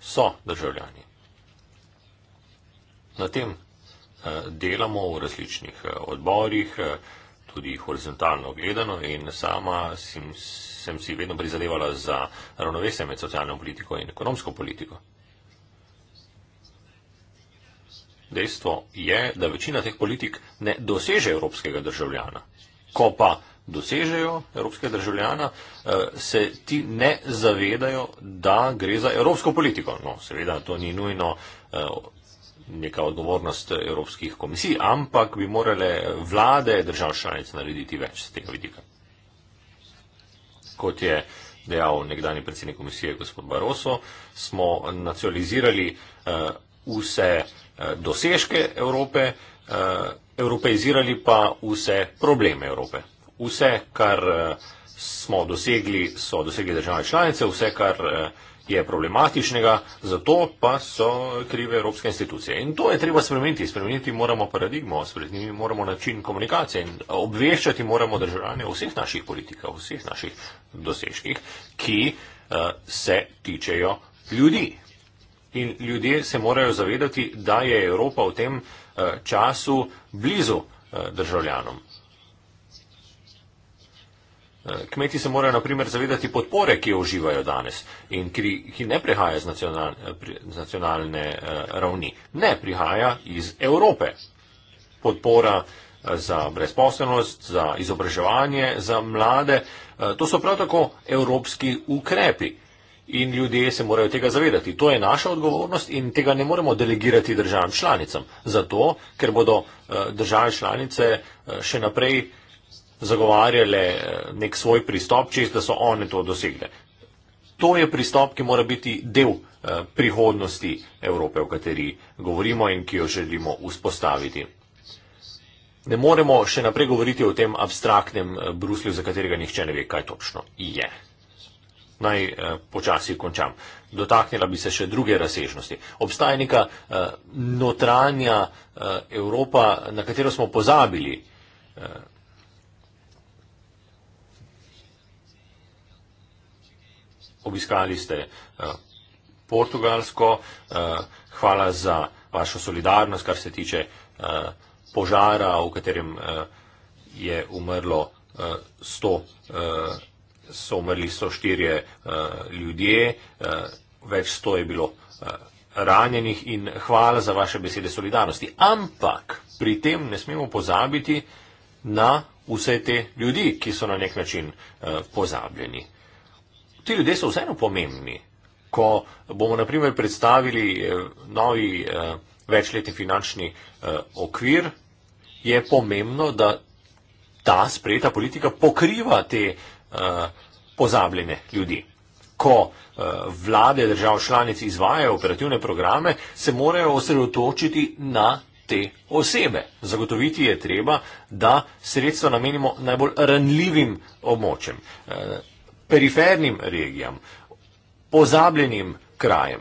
so državljani. Na tem eh, delamo v različnih eh, odborih, tudi horizontalno gledano in sama sem si vedno prizadevala za ravnovesje med socialno politiko in ekonomsko politiko. Dejstvo je, da večina teh politik ne doseže evropskega državljana. Ko pa dosežejo evropskega državljana, eh, se ti ne zavedajo, da gre za evropsko politiko. No, seveda, to ni nujno eh, neka odgovornost evropskih komisij, ampak bi morale vlade držav članic narediti več z tega vidika. Kot je dejal nekdani predsednik komisije gospod Baroso, smo nacionalizirali eh, vse eh, dosežke Evrope, eh, evropeizirali pa vse probleme Evrope. Vse, kar eh, smo dosegli, so dosegli države članice, vse, kar je problematičnega, zato pa so krive evropske institucije. In to je treba spremeniti. Spremeniti moramo paradigmo, spremeniti moramo način komunikacije in obveščati moramo državljane o vseh naših politikah, o vseh naših dosežkih, ki se tičejo ljudi. In ljudje se morajo zavedati, da je Evropa v tem eh, času blizu eh, državljanom. Eh, kmeti se morajo naprimer zavedati podpore, ki jo uživajo danes in ki, ki ne prihaja z nacionalne, nacionalne ravni. Ne, prihaja iz Evrope. Podpora za brezposobnost, za izobraževanje, za mlade, to so prav tako evropski ukrepi in ljudje se morajo tega zavedati. To je naša odgovornost in tega ne moremo delegirati državam članicam. Zato, ker bodo eh, države članice eh, še naprej zagovarjale eh, nek svoj pristop, čez da so one to dosegle. To je pristop, ki mora biti del prihodnosti Evrope, o kateri govorimo in ki jo želimo vzpostaviti. Ne moremo še naprej govoriti o tem abstraktnem Bruslju, za katerega nihče ne ve, kaj točno je naj eh, počasi končam. Dotaknila bi se še druge razsežnosti. Obstaja neka eh, notranja eh, Evropa, na katero smo pozabili. Obiskali ste Portugalsko, hvala za vašo solidarnost, kar se tiče požara, v katerem je umrlo 100 ljudi so umrli so štirje uh, ljudje, uh, več sto je bilo uh, ranjenih in hvala za vaše besede solidarnosti. Ampak pri tem ne smemo pozabiti na vse te ljudi, ki so na nek način uh, pozabljeni. Ti ljudje so vseeno pomembni. Ko bomo naprimer predstavili uh, novi uh, večletni finančni uh, okvir, je pomembno, da ta sprejeta politika pokriva te uh, Eh, pozabljene ljudi. Ko eh, vlade držav članic izvajajo operativne programe, se morajo osredotočiti na te osebe. Zagotoviti je treba, da sredstva namenimo najbolj ranljivim območjem, eh, perifernim regijam, pozabljenim krajem.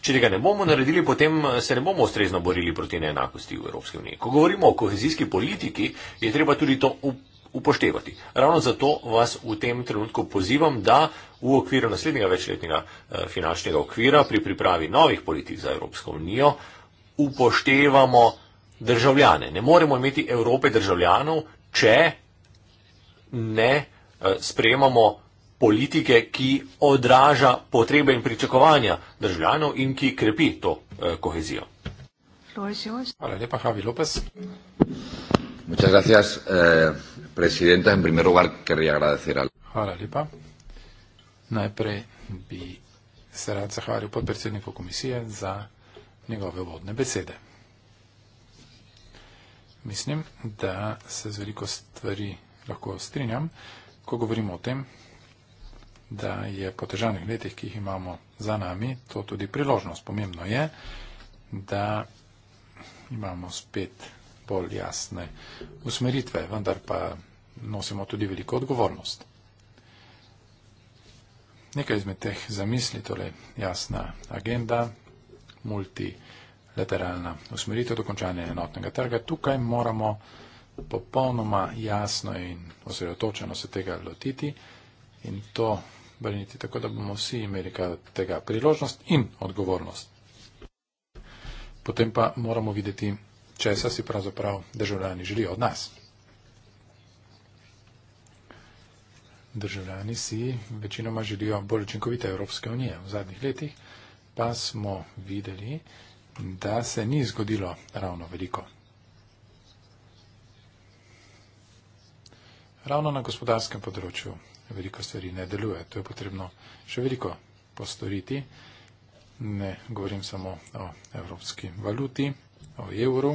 Če tega ne bomo naredili, potem se ne bomo ustrezno borili proti neenakosti v Evropski uniji. Ko govorimo o kohezijski politiki, je treba tudi to upoštevati upoštevati. Ravno zato vas v tem trenutku pozivam, da v okviru naslednjega večletnega eh, finančnega okvira pri pripravi novih politik za Evropsko unijo upoštevamo državljane. Ne moremo imeti Evrope državljanov, če ne eh, sprejemamo politike, ki odraža potrebe in pričakovanja državljanov in ki krepi to eh, kohezijo. Hvala lepa, Javi Lopes. Muchas gracias. Eh, presidenta, en primer lugar querría agradecer al. Hvala lepa. Najprej bi se rad zahvalil podpredsedniku komisije za njegove vodne besede. Mislim, da se z veliko stvari lahko strinjam, ko govorimo o tem, da je po težavnih letih, ki jih imamo za nami, to tudi priložnost. Pomembno je, da imamo spet bolj jasne usmeritve, vendar pa nosimo tudi veliko odgovornost. Nekaj izmed teh zamisli, torej jasna agenda, multilateralna usmeritev dokončanja enotnega trga, tukaj moramo popolnoma jasno in osredotočeno se tega lotiti in to brniti tako, da bomo vsi imeli kaj od tega priložnost in odgovornost. Potem pa moramo videti, česa si pravzaprav državljani želijo od nas. državljani si večinoma želijo bolj učinkovite Evropske unije. V zadnjih letih pa smo videli, da se ni zgodilo ravno veliko. Ravno na gospodarskem področju veliko stvari ne deluje. To je potrebno še veliko postoriti. Ne govorim samo o evropski valuti, o evru,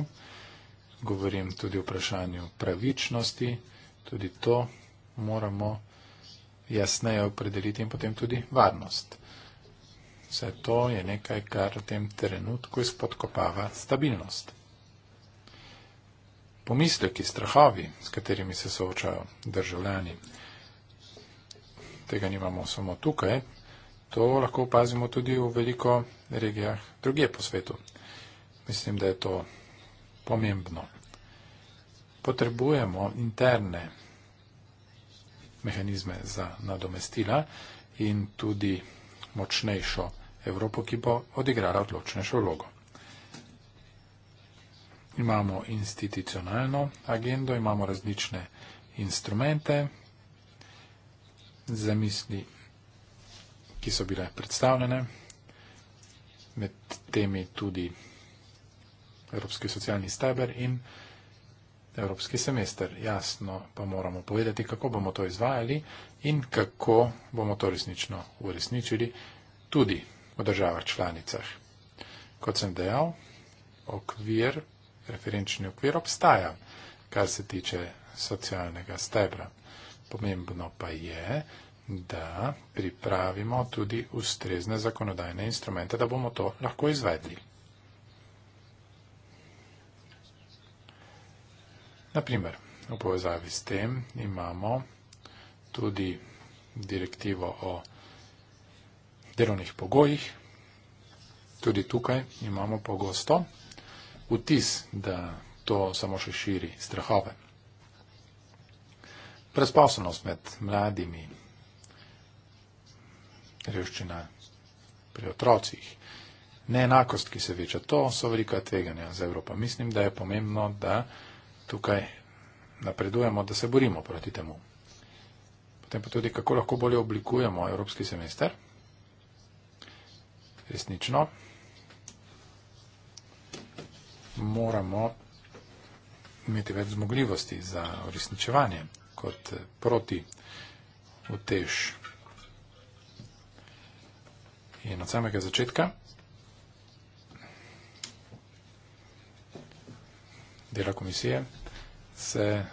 govorim tudi o vprašanju pravičnosti. Tudi to moramo jasneje opredeliti in potem tudi varnost. Vse to je nekaj, kar v tem trenutku izpodkopava stabilnost. Pomisleki, strahovi, s katerimi se soočajo državljani, tega nimamo samo tukaj, to lahko opazimo tudi v veliko regijah druge po svetu. Mislim, da je to pomembno. Potrebujemo interne mehanizme za nadomestila in tudi močnejšo Evropo, ki bo odigrala odločnejšo vlogo. Imamo institucionalno agendo, imamo različne instrumente za misli, ki so bile predstavljene, med temi tudi Evropski socialni steber in Evropski socialni steber evropski semester. Jasno pa moramo povedati, kako bomo to izvajali in kako bomo to resnično uresničili tudi v državah članicah. Kot sem dejal, okvir, referenčni okvir obstaja, kar se tiče socialnega stebra. Pomembno pa je, da pripravimo tudi ustrezne zakonodajne instrumente, da bomo to lahko izvedli. Naprimer, v povezavi s tem imamo tudi direktivo o delovnih pogojih. Tudi tukaj imamo pogosto vtis, da to samo še širi strahove. Prezposobnost med mladimi, revščina pri otrocih, neenakost, ki se veča, to so velika tveganja za Evropo. Mislim, da je pomembno, da tukaj napredujemo, da se borimo proti temu. Potem pa tudi, kako lahko bolje oblikujemo evropski semester. Resnično. Moramo imeti več zmogljivosti za uresničevanje kot proti utež. In od samega začetka dela komisije se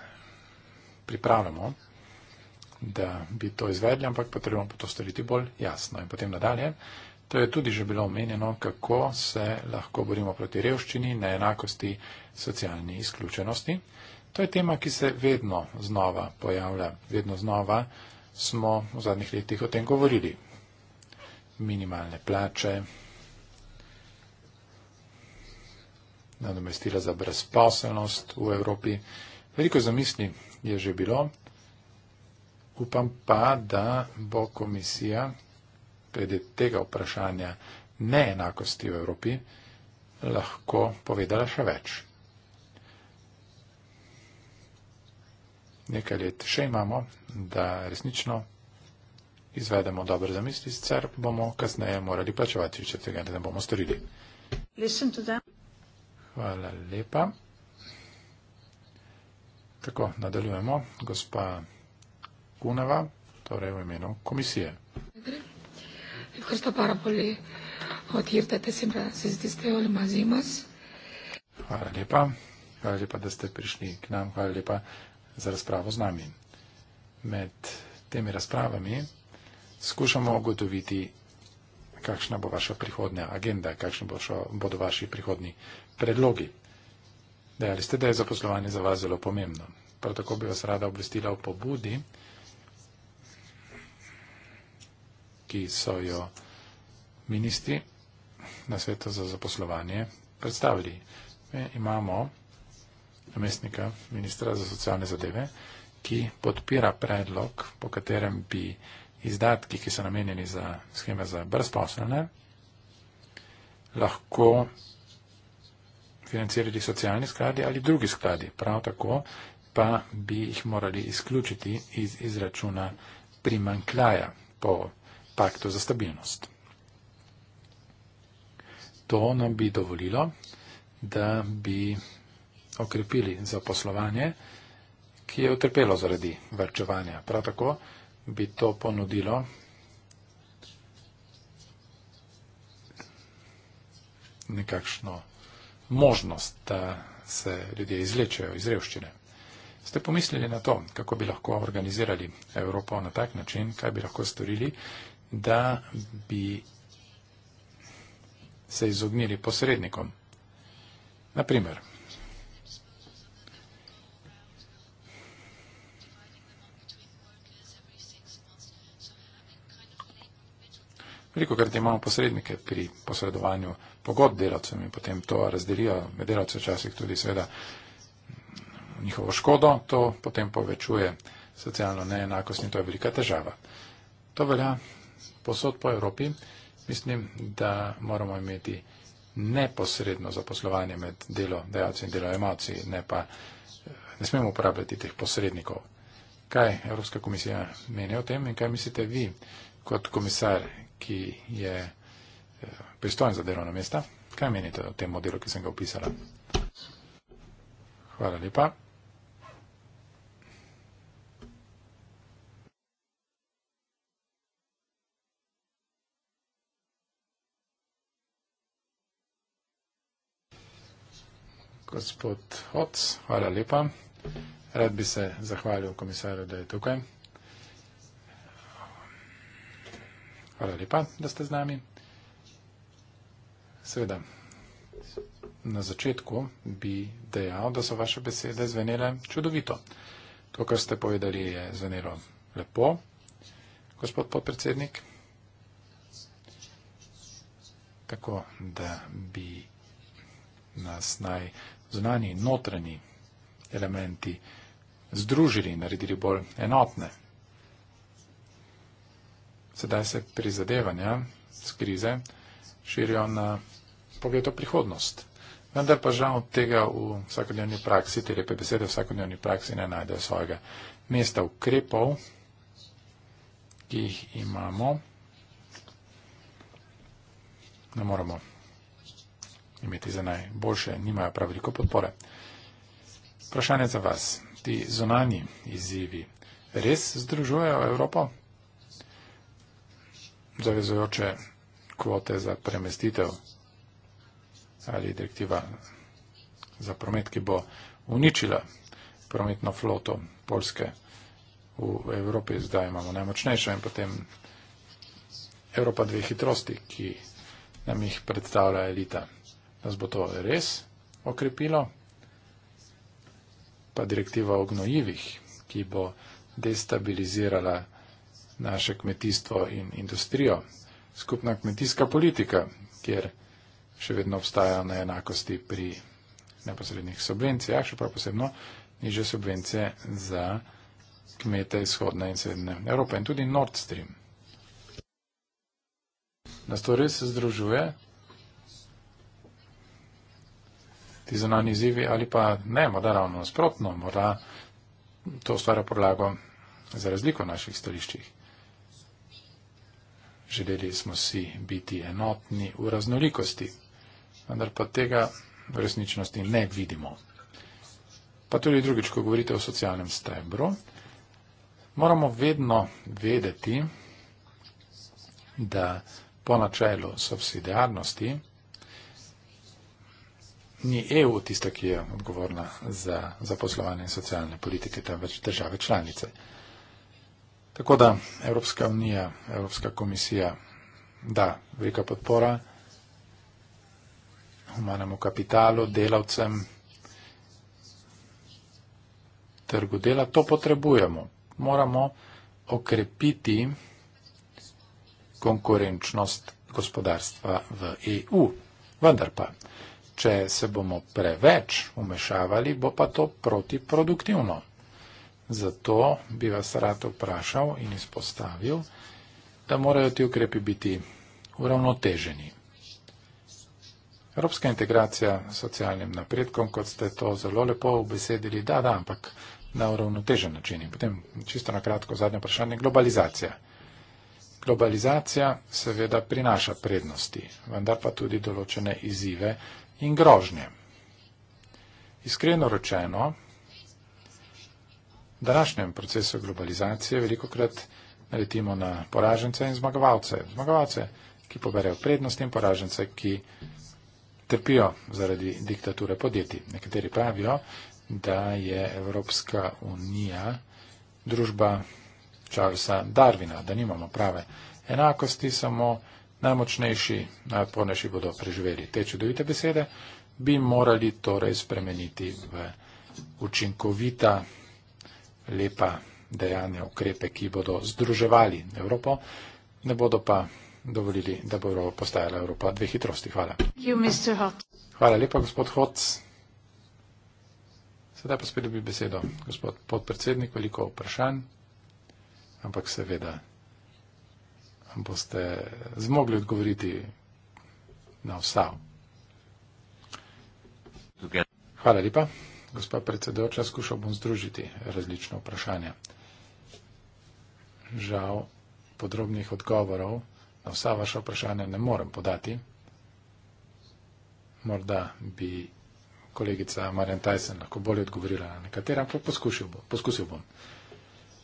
pripravljamo, da bi to izvedli, ampak potrebujemo to storiti bolj jasno. In potem nadalje, to je tudi že bilo omenjeno, kako se lahko borimo proti revščini, neenakosti, socialni izključenosti. To je tema, ki se vedno znova pojavlja, vedno znova smo v zadnjih letih o tem govorili. Minimalne plače, nadomestila za brezposelnost v Evropi. Veliko zamisli je že bilo, upam pa, da bo komisija glede tega vprašanja neenakosti v Evropi lahko povedala še več. Nekaj let še imamo, da resnično izvedemo dobre zamisli, sicer bomo kasneje morali plačevati, če tega ne bomo storili. Hvala lepa. Tako, nadaljujemo. Gospa Gunava, torej v imenu komisije. Hvala lepa. Hvala lepa, da ste prišli k nam. Hvala lepa za razpravo z nami. Med temi razpravami skušamo ugotoviti, kakšna bo vaša prihodnja agenda, kakšne bodo vaši prihodni predlogi. Dejali ste, da je zaposlovanje za vas zelo pomembno. Prav tako bi vas rada obvestila o pobudi, ki so jo ministri na svetu za zaposlovanje predstavili. Mi imamo namestnika ministra za socialne zadeve, ki podpira predlog, po katerem bi izdatki, ki so namenjeni za scheme za brezposelne, lahko financirati socialni skladi ali drugi skladi. Prav tako pa bi jih morali izključiti iz izračuna primankljaja po paktu za stabilnost. To nam bi dovolilo, da bi okrepili zaposlovanje, ki je utrpelo zaradi varčevanja. Prav tako bi to ponudilo nekakšno možnost, da se ljudje izlečejo iz revščine. Ste pomislili na to, kako bi lahko organizirali Evropo na tak način, kaj bi lahko storili, da bi se izognili posrednikom? Naprimer, Veliko krat imamo posrednike pri posredovanju pogod delavcem in potem to razdelijo med delavce, včasih tudi seveda njihovo škodo, to potem povečuje socialno neenakost in to je velika težava. To velja posod po Evropi. Mislim, da moramo imeti neposredno zaposlovanje med delodajalci in delojemalci, ne pa ne smemo uporabljati teh posrednikov. Kaj Evropska komisija meni o tem in kaj mislite vi kot komisar, ki je eh, pristojen za delovna mesta. Kaj menite o tem modelu, ki sem ga opisala? Hvala lepa. Gospod Hoc, hvala lepa. Rad bi se zahvalil komisarju, da je tukaj. Hvala lepa, da ste z nami. Seveda, na začetku bi dejal, da so vaše besede zvenele čudovito. To, kar ste povedali, je zvenelo lepo, gospod podpredsednik. Tako, da bi nas naj zunani, notranji elementi združili in naredili bolj enotne sedaj se prizadevanja z krize širijo na pogledu prihodnost. Vendar pa žal tega v vsakodnevni praksi, te lepe besede v vsakodnevni praksi ne najdejo svojega mesta ukrepov, ki jih imamo. Ne moramo imeti za najboljše, nimajo prav veliko podpore. Vprašanje za vas. Ti zonani izzivi res združujejo Evropo? zavezujoče kvote za premestitev ali direktiva za promet, ki bo uničila prometno floto Polske v Evropi. Zdaj imamo najmočnejšo in potem Evropa dve hitrosti, ki nam jih predstavlja elita. Nas bo to res okrepilo, pa direktiva o gnojivih, ki bo destabilizirala naše kmetijstvo in industrijo. Skupna kmetijska politika, kjer še vedno obstajajo neenakosti pri neposrednih subvencijah, še prav posebno niže subvencije za kmete izhodne in srednje Evrope in tudi Nord Stream. Nas to res združuje? Ti zunani izzivi ali pa ne, morda ravno nasprotno, morda to stvara podlago za razliko v naših stališčih. Želeli smo si biti enotni v raznolikosti, vendar pa tega v resničnosti ne vidimo. Pa tudi drugič, ko govorite o socialnem stebru, moramo vedno vedeti, da po načelu subsidiarnosti ni EU tista, ki je odgovorna za zaposlovanje in socialne politike, temveč države članice. Tako da Evropska unija, Evropska komisija da velika podpora humanemu kapitalu, delavcem, trgu dela. To potrebujemo. Moramo okrepiti konkurenčnost gospodarstva v EU. Vendar pa, če se bomo preveč umešavali, bo pa to protiproduktivno. Zato bi vas rad vprašal in izpostavil, da morajo ti ukrepi biti uravnoteženi. Evropska integracija s socialnim napredkom, kot ste to zelo lepo obesedili, da, da, ampak na uravnotežen način. In potem čisto na kratko zadnje vprašanje, globalizacija. Globalizacija seveda prinaša prednosti, vendar pa tudi določene izzive in grožnje. Iskreno rečeno, današnjem procesu globalizacije veliko krat naletimo na poražence in zmagovalce. Zmagovalce, ki poberejo prednost in poražence, ki trpijo zaradi diktature podjetij. Nekateri pravijo, da je Evropska unija družba Charlesa Darwina, da nimamo prave enakosti, samo najmočnejši, najpornejši bodo preživeli. Te čudovite besede bi morali torej spremeniti v učinkovita lepa dejanja, ukrepe, ki bodo združevali Evropo, ne bodo pa dovolili, da bo Evropa postajala Evropa dve hitrosti. Hvala. You, Hvala lepa, gospod Hoc. Sedaj pa spet dobi besedo, gospod podpredsednik, veliko vprašanj, ampak seveda boste zmogli odgovoriti na vsa. Hvala lepa. Gospa predsedoča, skušal bom združiti različno vprašanje. Žal podrobnih odgovorov na vsa vaša vprašanja ne morem podati. Morda bi kolegica Marjan Tyson lahko bolje odgovorila na nekatera, ampak poskusil bom. poskusil bom.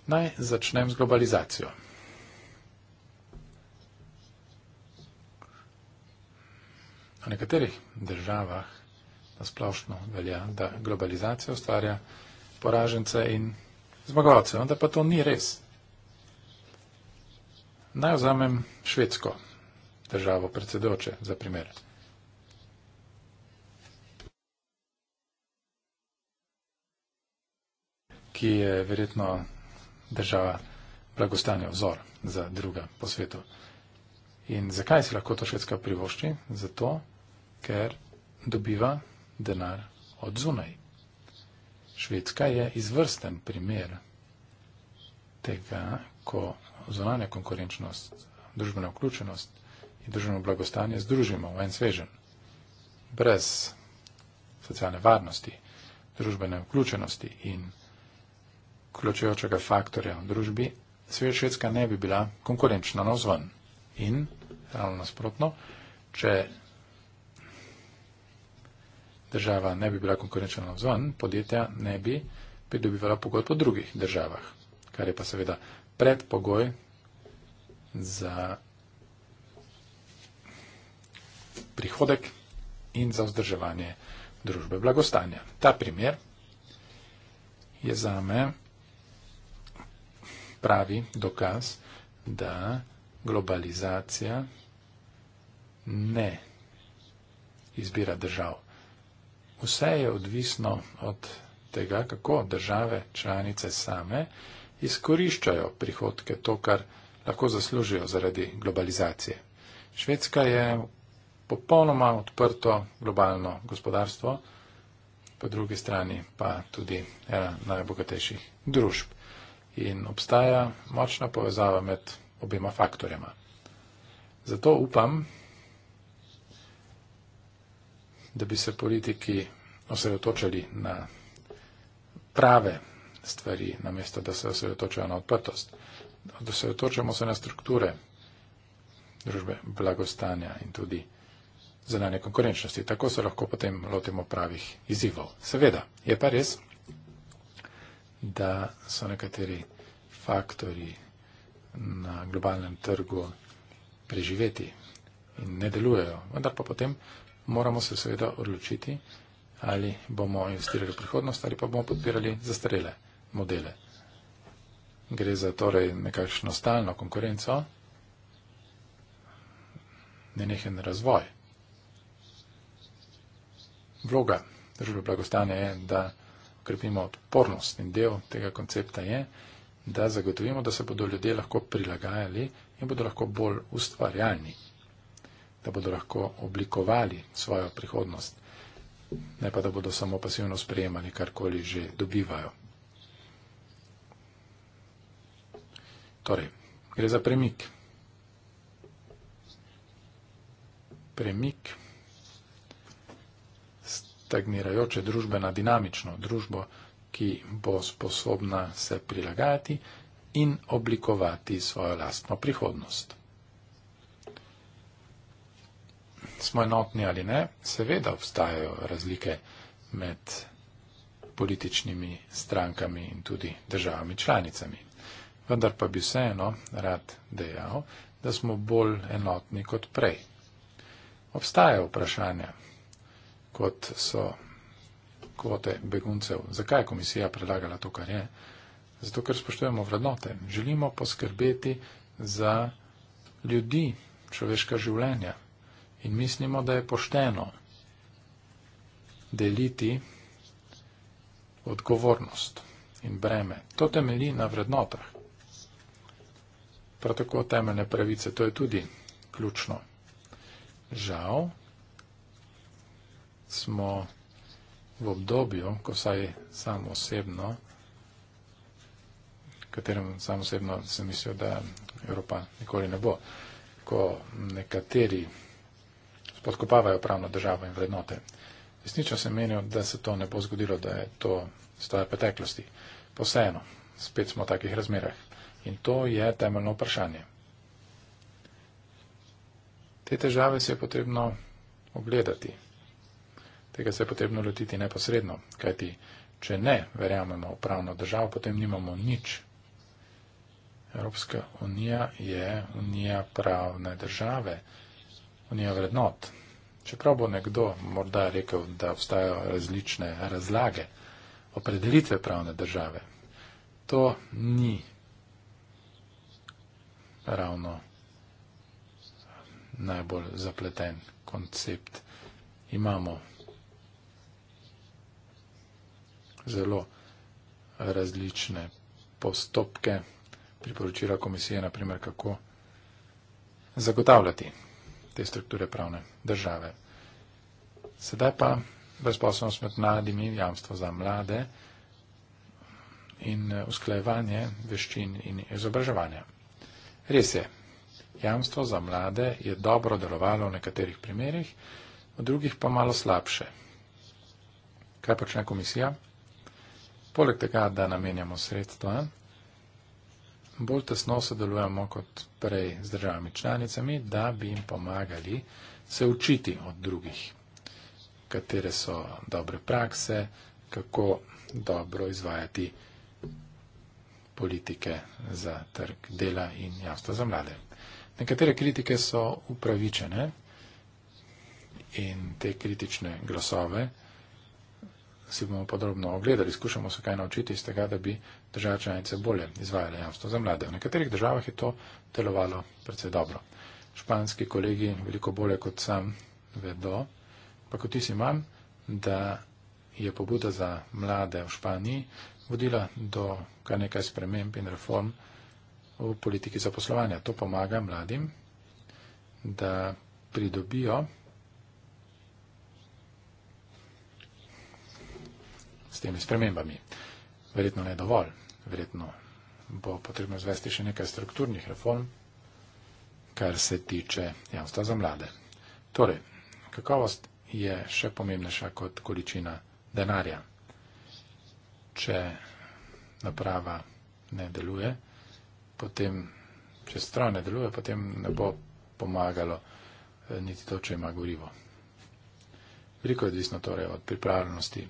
Naj začnem z globalizacijo. V nekaterih državah nasplošno velja, da globalizacija ustvarja poražence in zmagovalce, vendar pa to ni res. Naj vzamem švedsko državo predsedoče za primer. ki je verjetno država blagostanja vzor za druga po svetu. In zakaj si lahko to švedska privošči? Zato, ker dobiva denar od zunaj. Švedska je izvrsten primer tega, ko zunanja konkurenčnost, družbena vključenost in družbeno blagostanje združimo v en svežen. Brez socialne varnosti, družbene vključenosti in vključujočega faktorja v družbi, Švedska ne bi bila konkurenčna na zvon. In, ravno nasprotno, če država ne bi bila konkurenčna na vzven, podjetja ne bi pridobivala pogodb v drugih državah, kar je pa seveda predpogoj za prihodek in za vzdrževanje družbe blagostanja. Ta primer je zame pravi dokaz, da globalizacija ne izbira držav, Vse je odvisno od tega, kako države članice same izkoriščajo prihodke, to, kar lahko zaslužijo zaradi globalizacije. Švedska je popolnoma odprto globalno gospodarstvo, po drugi strani pa tudi ena najbogatejših družb. In obstaja močna povezava med obima faktorjema. Zato upam, da bi se politiki osredotočali na prave stvari, namesto da se osredotočajo na odprtost. Osredotočamo se na strukture družbe blagostanja in tudi zunanje konkurenčnosti. Tako se lahko potem lotimo pravih izzivov. Seveda, je pa res, da so nekateri faktori na globalnem trgu preživeti in ne delujejo. Vendar pa potem moramo se seveda odločiti, ali bomo investirali v prihodnost ali pa bomo podpirali zastarele modele. Gre za torej nekakšno stalno konkurenco, nenehen razvoj. Vloga družbe blagostanja je, da ukrepimo odpornost in del tega koncepta je, da zagotovimo, da se bodo ljudje lahko prilagajali in bodo lahko bolj ustvarjalni da bodo lahko oblikovali svojo prihodnost, ne pa da bodo samo pasivno sprejemali karkoli že dobivajo. Torej, gre za premik. Premik, stagnirajoče družbe na dinamično družbo, ki bo sposobna se prilagajati in oblikovati svojo lastno prihodnost. smo enotni ali ne, seveda obstajajo razlike med političnimi strankami in tudi državami članicami. Vendar pa bi vseeno rad dejal, da smo bolj enotni kot prej. Obstajajo vprašanja, kot so kvote beguncev. Zakaj je komisija predlagala to, kar je? Zato, ker spoštujemo vrednote. Želimo poskrbeti za ljudi, človeška življenja. In mislimo, da je pošteno deliti odgovornost in breme. To temelji na vrednotah. Prav tako temeljne pravice, to je tudi ključno. Žal smo v obdobju, ko saj sam osebno, katerem sam osebno sem mislil, da Evropa nikoli ne bo, ko nekateri spodkopavajo pravno državo in vrednote. Resnično sem menil, da se to ne bo zgodilo, da je to stvar preteklosti. Pa vseeno, spet smo v takih razmerah. In to je temeljno vprašanje. Te težave se je potrebno ogledati. Tega se je potrebno lotiti neposredno, kajti če ne verjamemo v pravno državo, potem nimamo nič. Evropska unija je unija pravne države unijo vrednot. Čeprav bo nekdo morda rekel, da obstajajo različne razlage, opredelitve pravne države, to ni ravno najbolj zapleten koncept. Imamo zelo različne postopke, priporočila komisije, naprimer, kako zagotavljati te strukture pravne države. Sedaj pa brezposobnost med mladimi, jamstvo za mlade in eh, usklajevanje veščin in izobraževanja. Res je, jamstvo za mlade je dobro delovalo v nekaterih primerjih, v drugih pa malo slabše. Kaj počne komisija? Poleg tega, da namenjamo sredstva bolj tesno sodelujemo kot prej z državami članicami, da bi jim pomagali se učiti od drugih, katere so dobre prakse, kako dobro izvajati politike za trg dela in javstva za mlade. Nekatere kritike so upravičene in te kritične glasove si bomo podrobno ogledali, skušamo se kaj naučiti iz tega, da bi države članice bolje izvajale jamstvo za mlade. V nekaterih državah je to delovalo predvsej dobro. Španski kolegi veliko bolje kot sam vedo, pa kot jaz imam, da je pobuda za mlade v Španiji vodila do kar nekaj sprememb in reform v politiki zaposlovanja. To pomaga mladim, da pridobijo s temi spremembami. Verjetno ne dovolj. Verjetno bo potrebno izvesti še nekaj strukturnih reform, kar se tiče javstva za mlade. Torej, kakovost je še pomembnejša kot količina denarja. Če naprava ne deluje, potem, če stroj ne deluje, potem ne bo pomagalo eh, niti to, če ima gorivo. Veliko je odvisno torej od pripravljenosti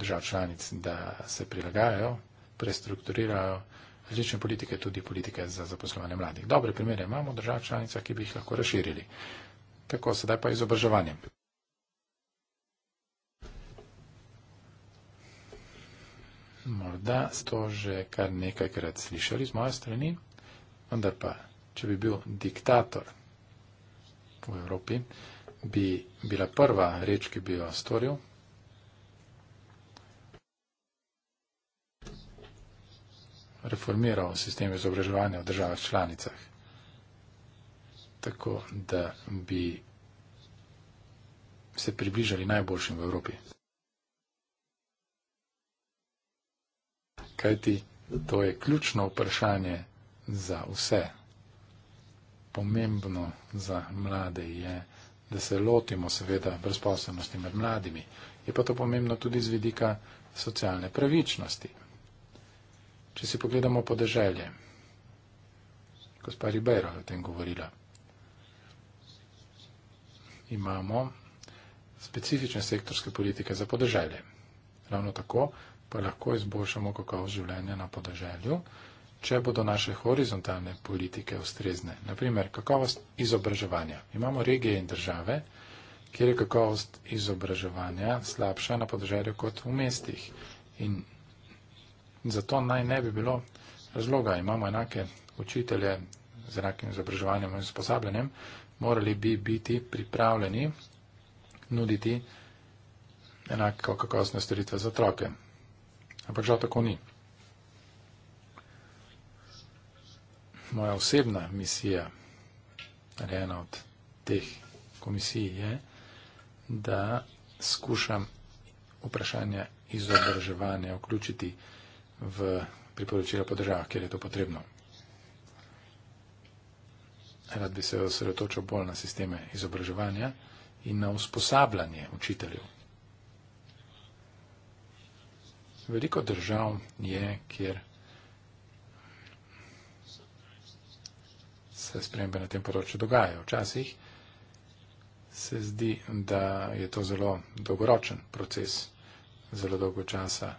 držav članic, da se prilagajajo prestrukturirajo različne politike, tudi politike za zaposlovanje mladih. Dobre primere imamo v državah članicah, ki bi jih lahko razširili. Kako sedaj pa izobraževanje? Morda ste to že kar nekajkrat slišali z moje strani, vendar pa, če bi bil diktator v Evropi, bi bila prva reč, ki bi jo storil, reformiral sistem izobraževanja v državah članicah, tako da bi se približali najboljšim v Evropi. Kajti to je ključno vprašanje za vse. Pomembno za mlade je, da se lotimo seveda brezposobnosti med mladimi. Je pa to pomembno tudi z vidika socialne pravičnosti. Če si pogledamo podeželje, gospa Ribera je o tem govorila, imamo specifične sektorske politike za podeželje. Ravno tako pa lahko izboljšamo kakovost življenja na podeželju, če bodo naše horizontalne politike ustrezne. Naprimer, kakovost izobraževanja. Imamo regije in države, kjer je kakovost izobraževanja slabša na podeželju kot v mestih. In In zato naj ne bi bilo razloga, imamo enake učitelje z enakim izobraževanjem in usposabljanjem, morali bi biti pripravljeni nuditi enako kakovostne storitve za otroke. Ampak žal tako ni. Moja osebna misija, ali ena od teh komisij, je, da skušam vprašanje izobraževanja vključiti v v priporočila po državah, kjer je to potrebno. Rad bi se osredotočil bolj na sisteme izobraževanja in na usposabljanje učiteljev. Veliko držav je, kjer se spremembe na tem področju dogajajo. Včasih se zdi, da je to zelo dolgoročen proces, zelo dolgo časa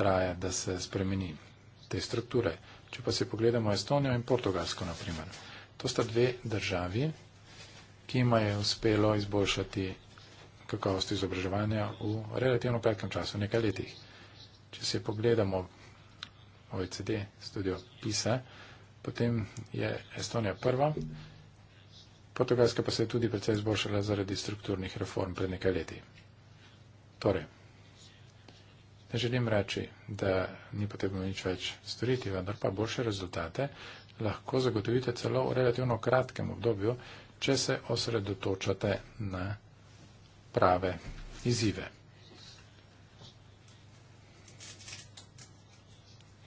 traja, da se spremeni te strukture. Če pa si pogledamo Estonijo in Portugalsko, naprimer. To sta dve državi, ki ima je uspelo izboljšati kakovost izobraževanja v relativno kratkem času, nekaj letih. Če si pogledamo OECD, studio PISA, potem je Estonija prva, Portugalska pa se je tudi precej izboljšala zaradi strukturnih reform pred nekaj leti. Torej, Ne želim reči, da ni potrebno nič več storiti, vendar pa boljše rezultate lahko zagotovite celo v relativno kratkem obdobju, če se osredotočate na prave izzive.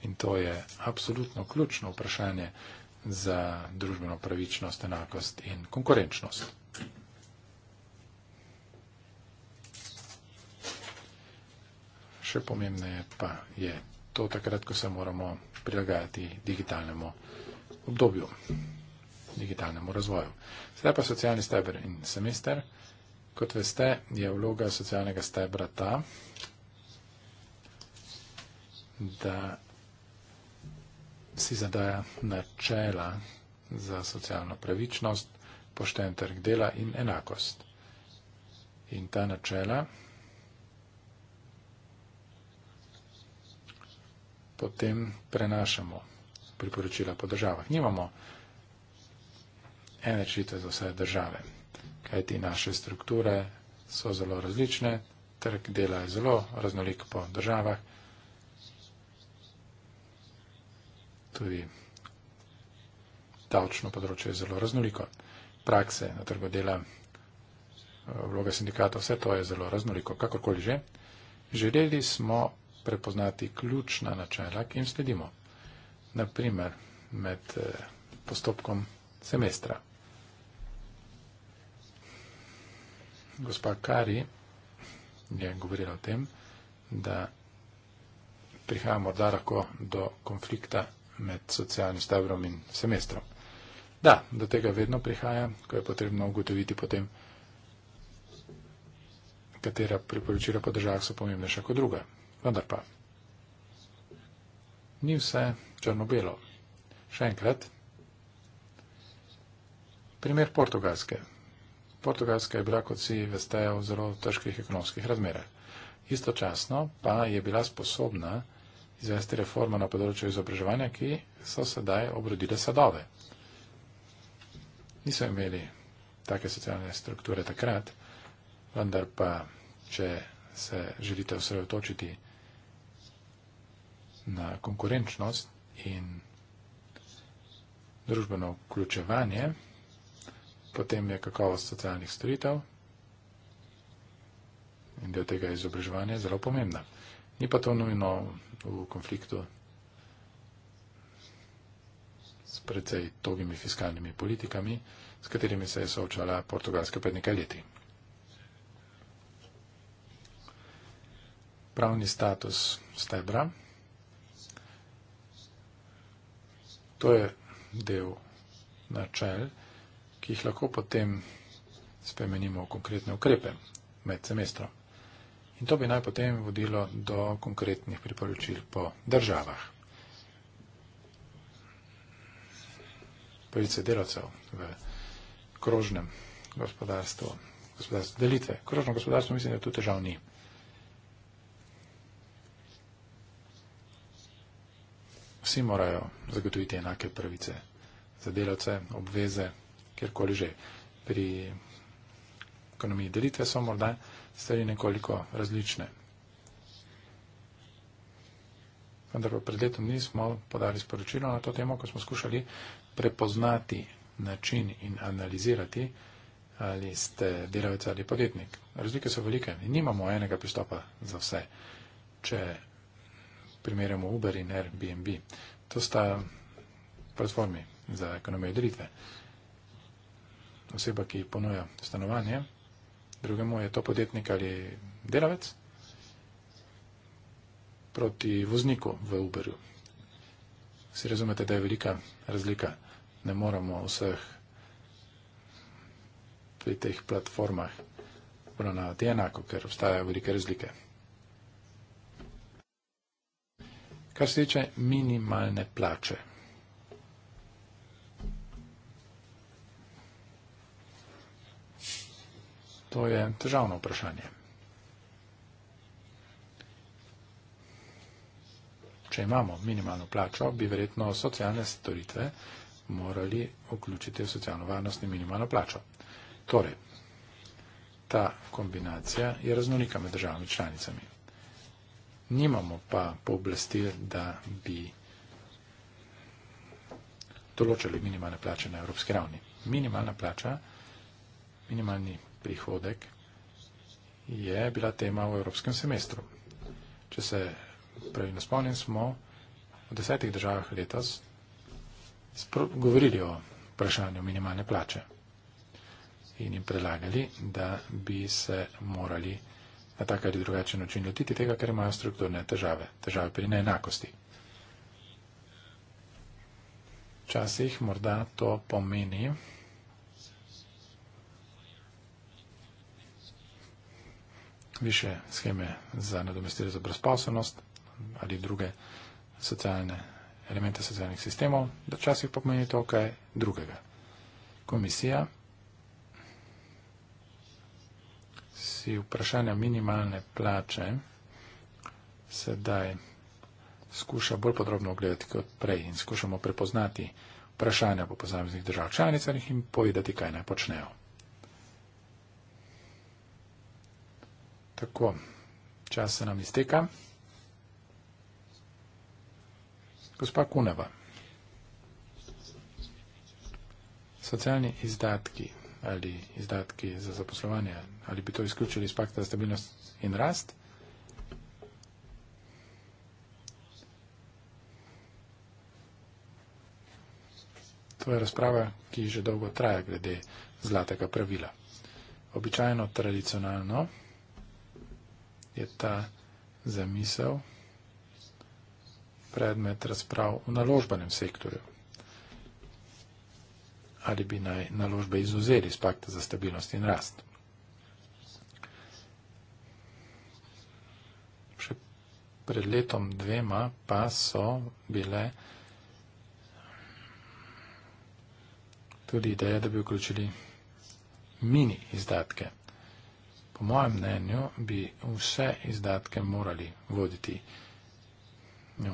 In to je absolutno ključno vprašanje za družbeno pravičnost, enakost in konkurenčnost. še pomembneje pa je to takrat, ko se moramo prilagajati digitalnemu obdobju, digitalnemu razvoju. Sedaj pa socialni stebr in semester. Kot veste, je vloga socialnega stebra ta, da si zadaja načela za socialno pravičnost, pošten trg dela in enakost. In ta načela potem prenašamo priporočila po državah. Nimamo ene rešitve za vse države, kajti naše strukture so zelo različne, trg dela je zelo raznolik po državah. Tudi davčno področje je zelo raznoliko. Prakse na trgu dela, vloga sindikata, vse to je zelo raznoliko, kakorkoli že. Želeli smo prepoznati ključna načela, ki jim sledimo. Naprimer, med eh, postopkom semestra. Gospa Kari je govorila o tem, da prihaja morda lahko do konflikta med socialnim stebrom in semestrom. Da, do tega vedno prihaja, ko je potrebno ugotoviti potem, katera priporočila po državah so pomembnejša kot druga. Vendar pa. Ni vse črno-belo. Še enkrat. Primer Portugalske. Portugalska je bila, kot si veste, v zelo težkih ekonomskih razmerah. Istočasno pa je bila sposobna izvesti reforme na področju izobraževanja, ki so sedaj obrodile sadove. Niso imeli take socialne strukture takrat, vendar pa, če se želite osredotočiti na konkurenčnost in družbeno vključevanje, potem je kakovost socialnih storitev in del tega izobraževanja zelo pomembna. Ni pa to nujno v konfliktu s predvsej togimi fiskalnimi politikami, s katerimi se je soočala portugalska pred nekaj leti. Pravni status stebra. To je del načel, ki jih lahko potem spremenimo v konkretne ukrepe med semestrom. In to bi naj potem vodilo do konkretnih priporočil po državah. Pravice delavcev v krožnem gospodarstvu, gospodarstvu delitve. Krožno gospodarstvo mislim, da tu težav ni. vsi morajo zagotoviti enake pravice za delavce, obveze, kjerkoli že. Pri ekonomiji delitve so morda stvari nekoliko različne. Vendar pa pred letom dni smo podali sporočilo na to temo, ko smo skušali prepoznati način in analizirati, ali ste delavec ali podjetnik. Razlike so velike in nimamo enega pristopa za vse. Če primerjamo Uber in Airbnb. To sta platformi za ekonomijo delitve. Oseba, ki ponuja stanovanje, drugemu je to podjetnik ali delavec proti vozniku v Uberju. Vsi razumete, da je velika razlika. Ne moramo vseh pri teh platformah obravnavati enako, ker obstajajo velike razlike. kar se tiče minimalne plače. To je težavno vprašanje. Če imamo minimalno plačo, bi verjetno socialne storitve morali vključiti v socialno varnost in minimalno plačo. Torej, ta kombinacija je raznolika med državami članicami nimamo pa pooblastil, da bi določali minimalne plače na evropski ravni. Minimalna plača, minimalni prihodek je bila tema v evropskem semestru. Če se pravilno spomnim, smo v desetih državah letos govorili o vprašanju minimalne plače in jim predlagali, da bi se morali na tak ali drugačen način lotiti tega, ker imajo strukturne težave, težave pri neenakosti. Včasih morda to pomeni, Više scheme za nadomestilo za brezposobnost ali druge socialne elemente socialnih sistemov, da včasih pa pomeni to kaj drugega. Komisija si vprašanja minimalne plače sedaj skuša bolj podrobno ogledati kot prej in skušamo prepoznati vprašanja po posameznih držav članicah in povedati, kaj naj počnejo. Tako, čas se nam izteka. Gospa Kuneva. Socialni izdatki ali izdatki za zaposlovanje ali bi to izključili iz pakta za stabilnost in rast. To je razprava, ki že dolgo traja glede zlatega pravila. Običajno, tradicionalno je ta zamisel predmet razprav v naložbenem sektorju. Ali bi naj naložbe izuzeli iz pakta za stabilnost in rast. pred letom dvema pa so bile tudi ideje, da bi vključili mini izdatke. Po mojem mnenju bi vse izdatke morali voditi no,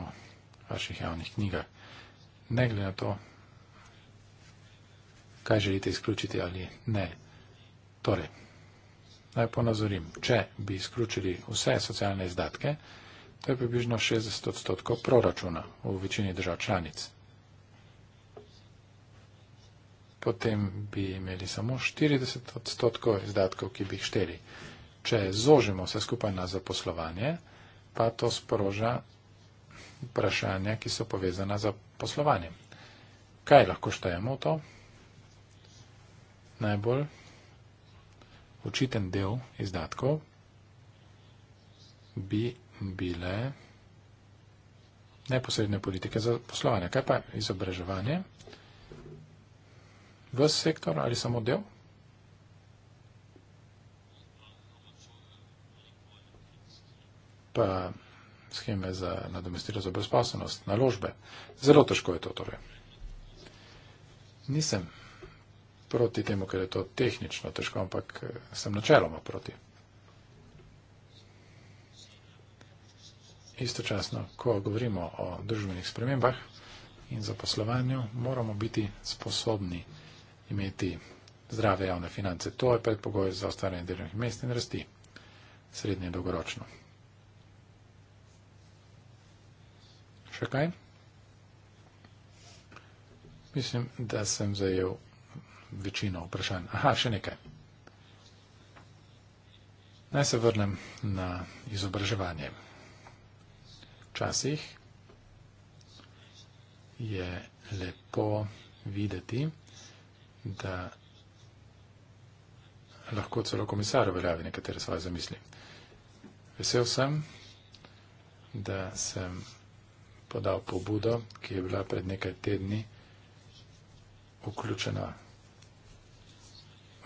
v vaših javnih knjigah. Ne glede na to, kaj želite izključiti ali ne. Torej, naj ponazorim, če bi izključili vse socialne izdatke, To je približno 60 odstotkov proračuna v večini držav članic. Potem bi imeli samo 40 odstotkov izdatkov, ki bi jih šteli. Če zožimo vse skupaj na zaposlovanje, pa to sproža vprašanja, ki so povezana z poslovanjem. Kaj lahko štejemo v to? Najbolj očiten del izdatkov bi bile neposredne politike za poslovanje. Kaj pa izobraževanje? Ves sektor ali samo del? Pa scheme za nadomestilo za brezposobnost, naložbe. Zelo težko je to torej. Nisem proti temu, ker je to tehnično težko, ampak eh, sem načeloma proti. istočasno, ko govorimo o družbenih spremembah in zaposlovanju, moramo biti sposobni imeti zdrave javne finance. To je predpogoj za ostvarjanje delovnih mest in rasti srednje dolgoročno. Še kaj? Mislim, da sem zajel večino vprašanj. Aha, še nekaj. Naj se vrnem na izobraževanje včasih je lepo videti, da lahko celo komisar uveljavi nekatere svoje zamisli. Vesel sem, da sem podal pobudo, ki je bila pred nekaj tedni vključena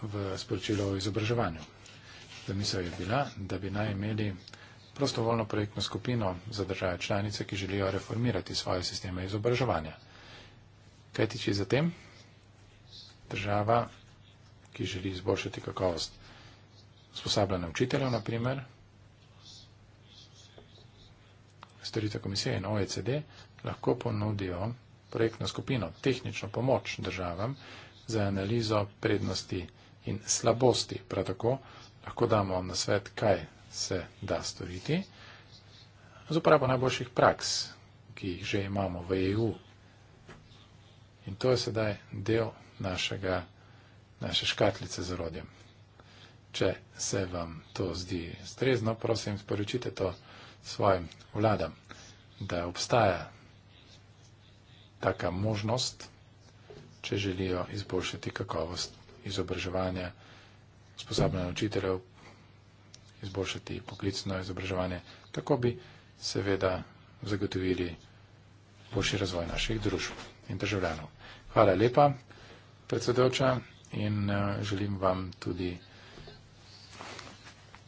v sporočilo o izobraževanju. Zamisel je bila, da bi naj imeli prostovoljno projektno skupino za države članice, ki želijo reformirati svoje sisteme izobraževanja. Kaj tiči zatem? Država, ki želi izboljšati kakovost sposabljanja učiteljev, naprimer, storitev komisije in OECD, lahko ponudijo projektno skupino, tehnično pomoč državam za analizo prednosti in slabosti. Prav tako lahko damo na svet, kaj se da storiti z uporabo najboljših praks, ki jih že imamo v EU. In to je sedaj del našega, naše škatlice z orodjem. Če se vam to zdi strezno, prosim, sporočite to svojim vladam, da obstaja taka možnost, če želijo izboljšati kakovost izobraževanja, sposobnega učiteljev, izboljšati poklicno izobraževanje, tako bi seveda zagotovili boljši razvoj naših družb in državljanov. Hvala lepa, predsedoča, in eh, želim vam tudi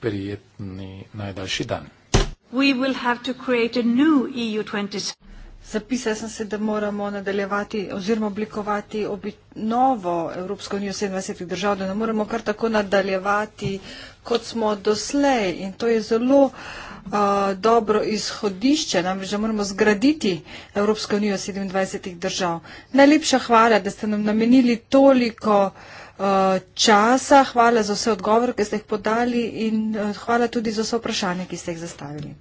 prijetni najdaljši dan. We will have to create a new EU 27. Zapisala sem se, da moramo nadaljevati oziroma oblikovati novo Evropsko unijo 27 držav, da ne moramo kar tako nadaljevati, kot smo doslej. In to je zelo uh, dobro izhodišče, namreč, da moramo zgraditi Evropsko unijo 27 držav. Najlepša hvala, da ste nam namenili toliko uh, časa, hvala za vse odgovore, ki ste jih podali in uh, hvala tudi za vse vprašanje, ki ste jih zastavili.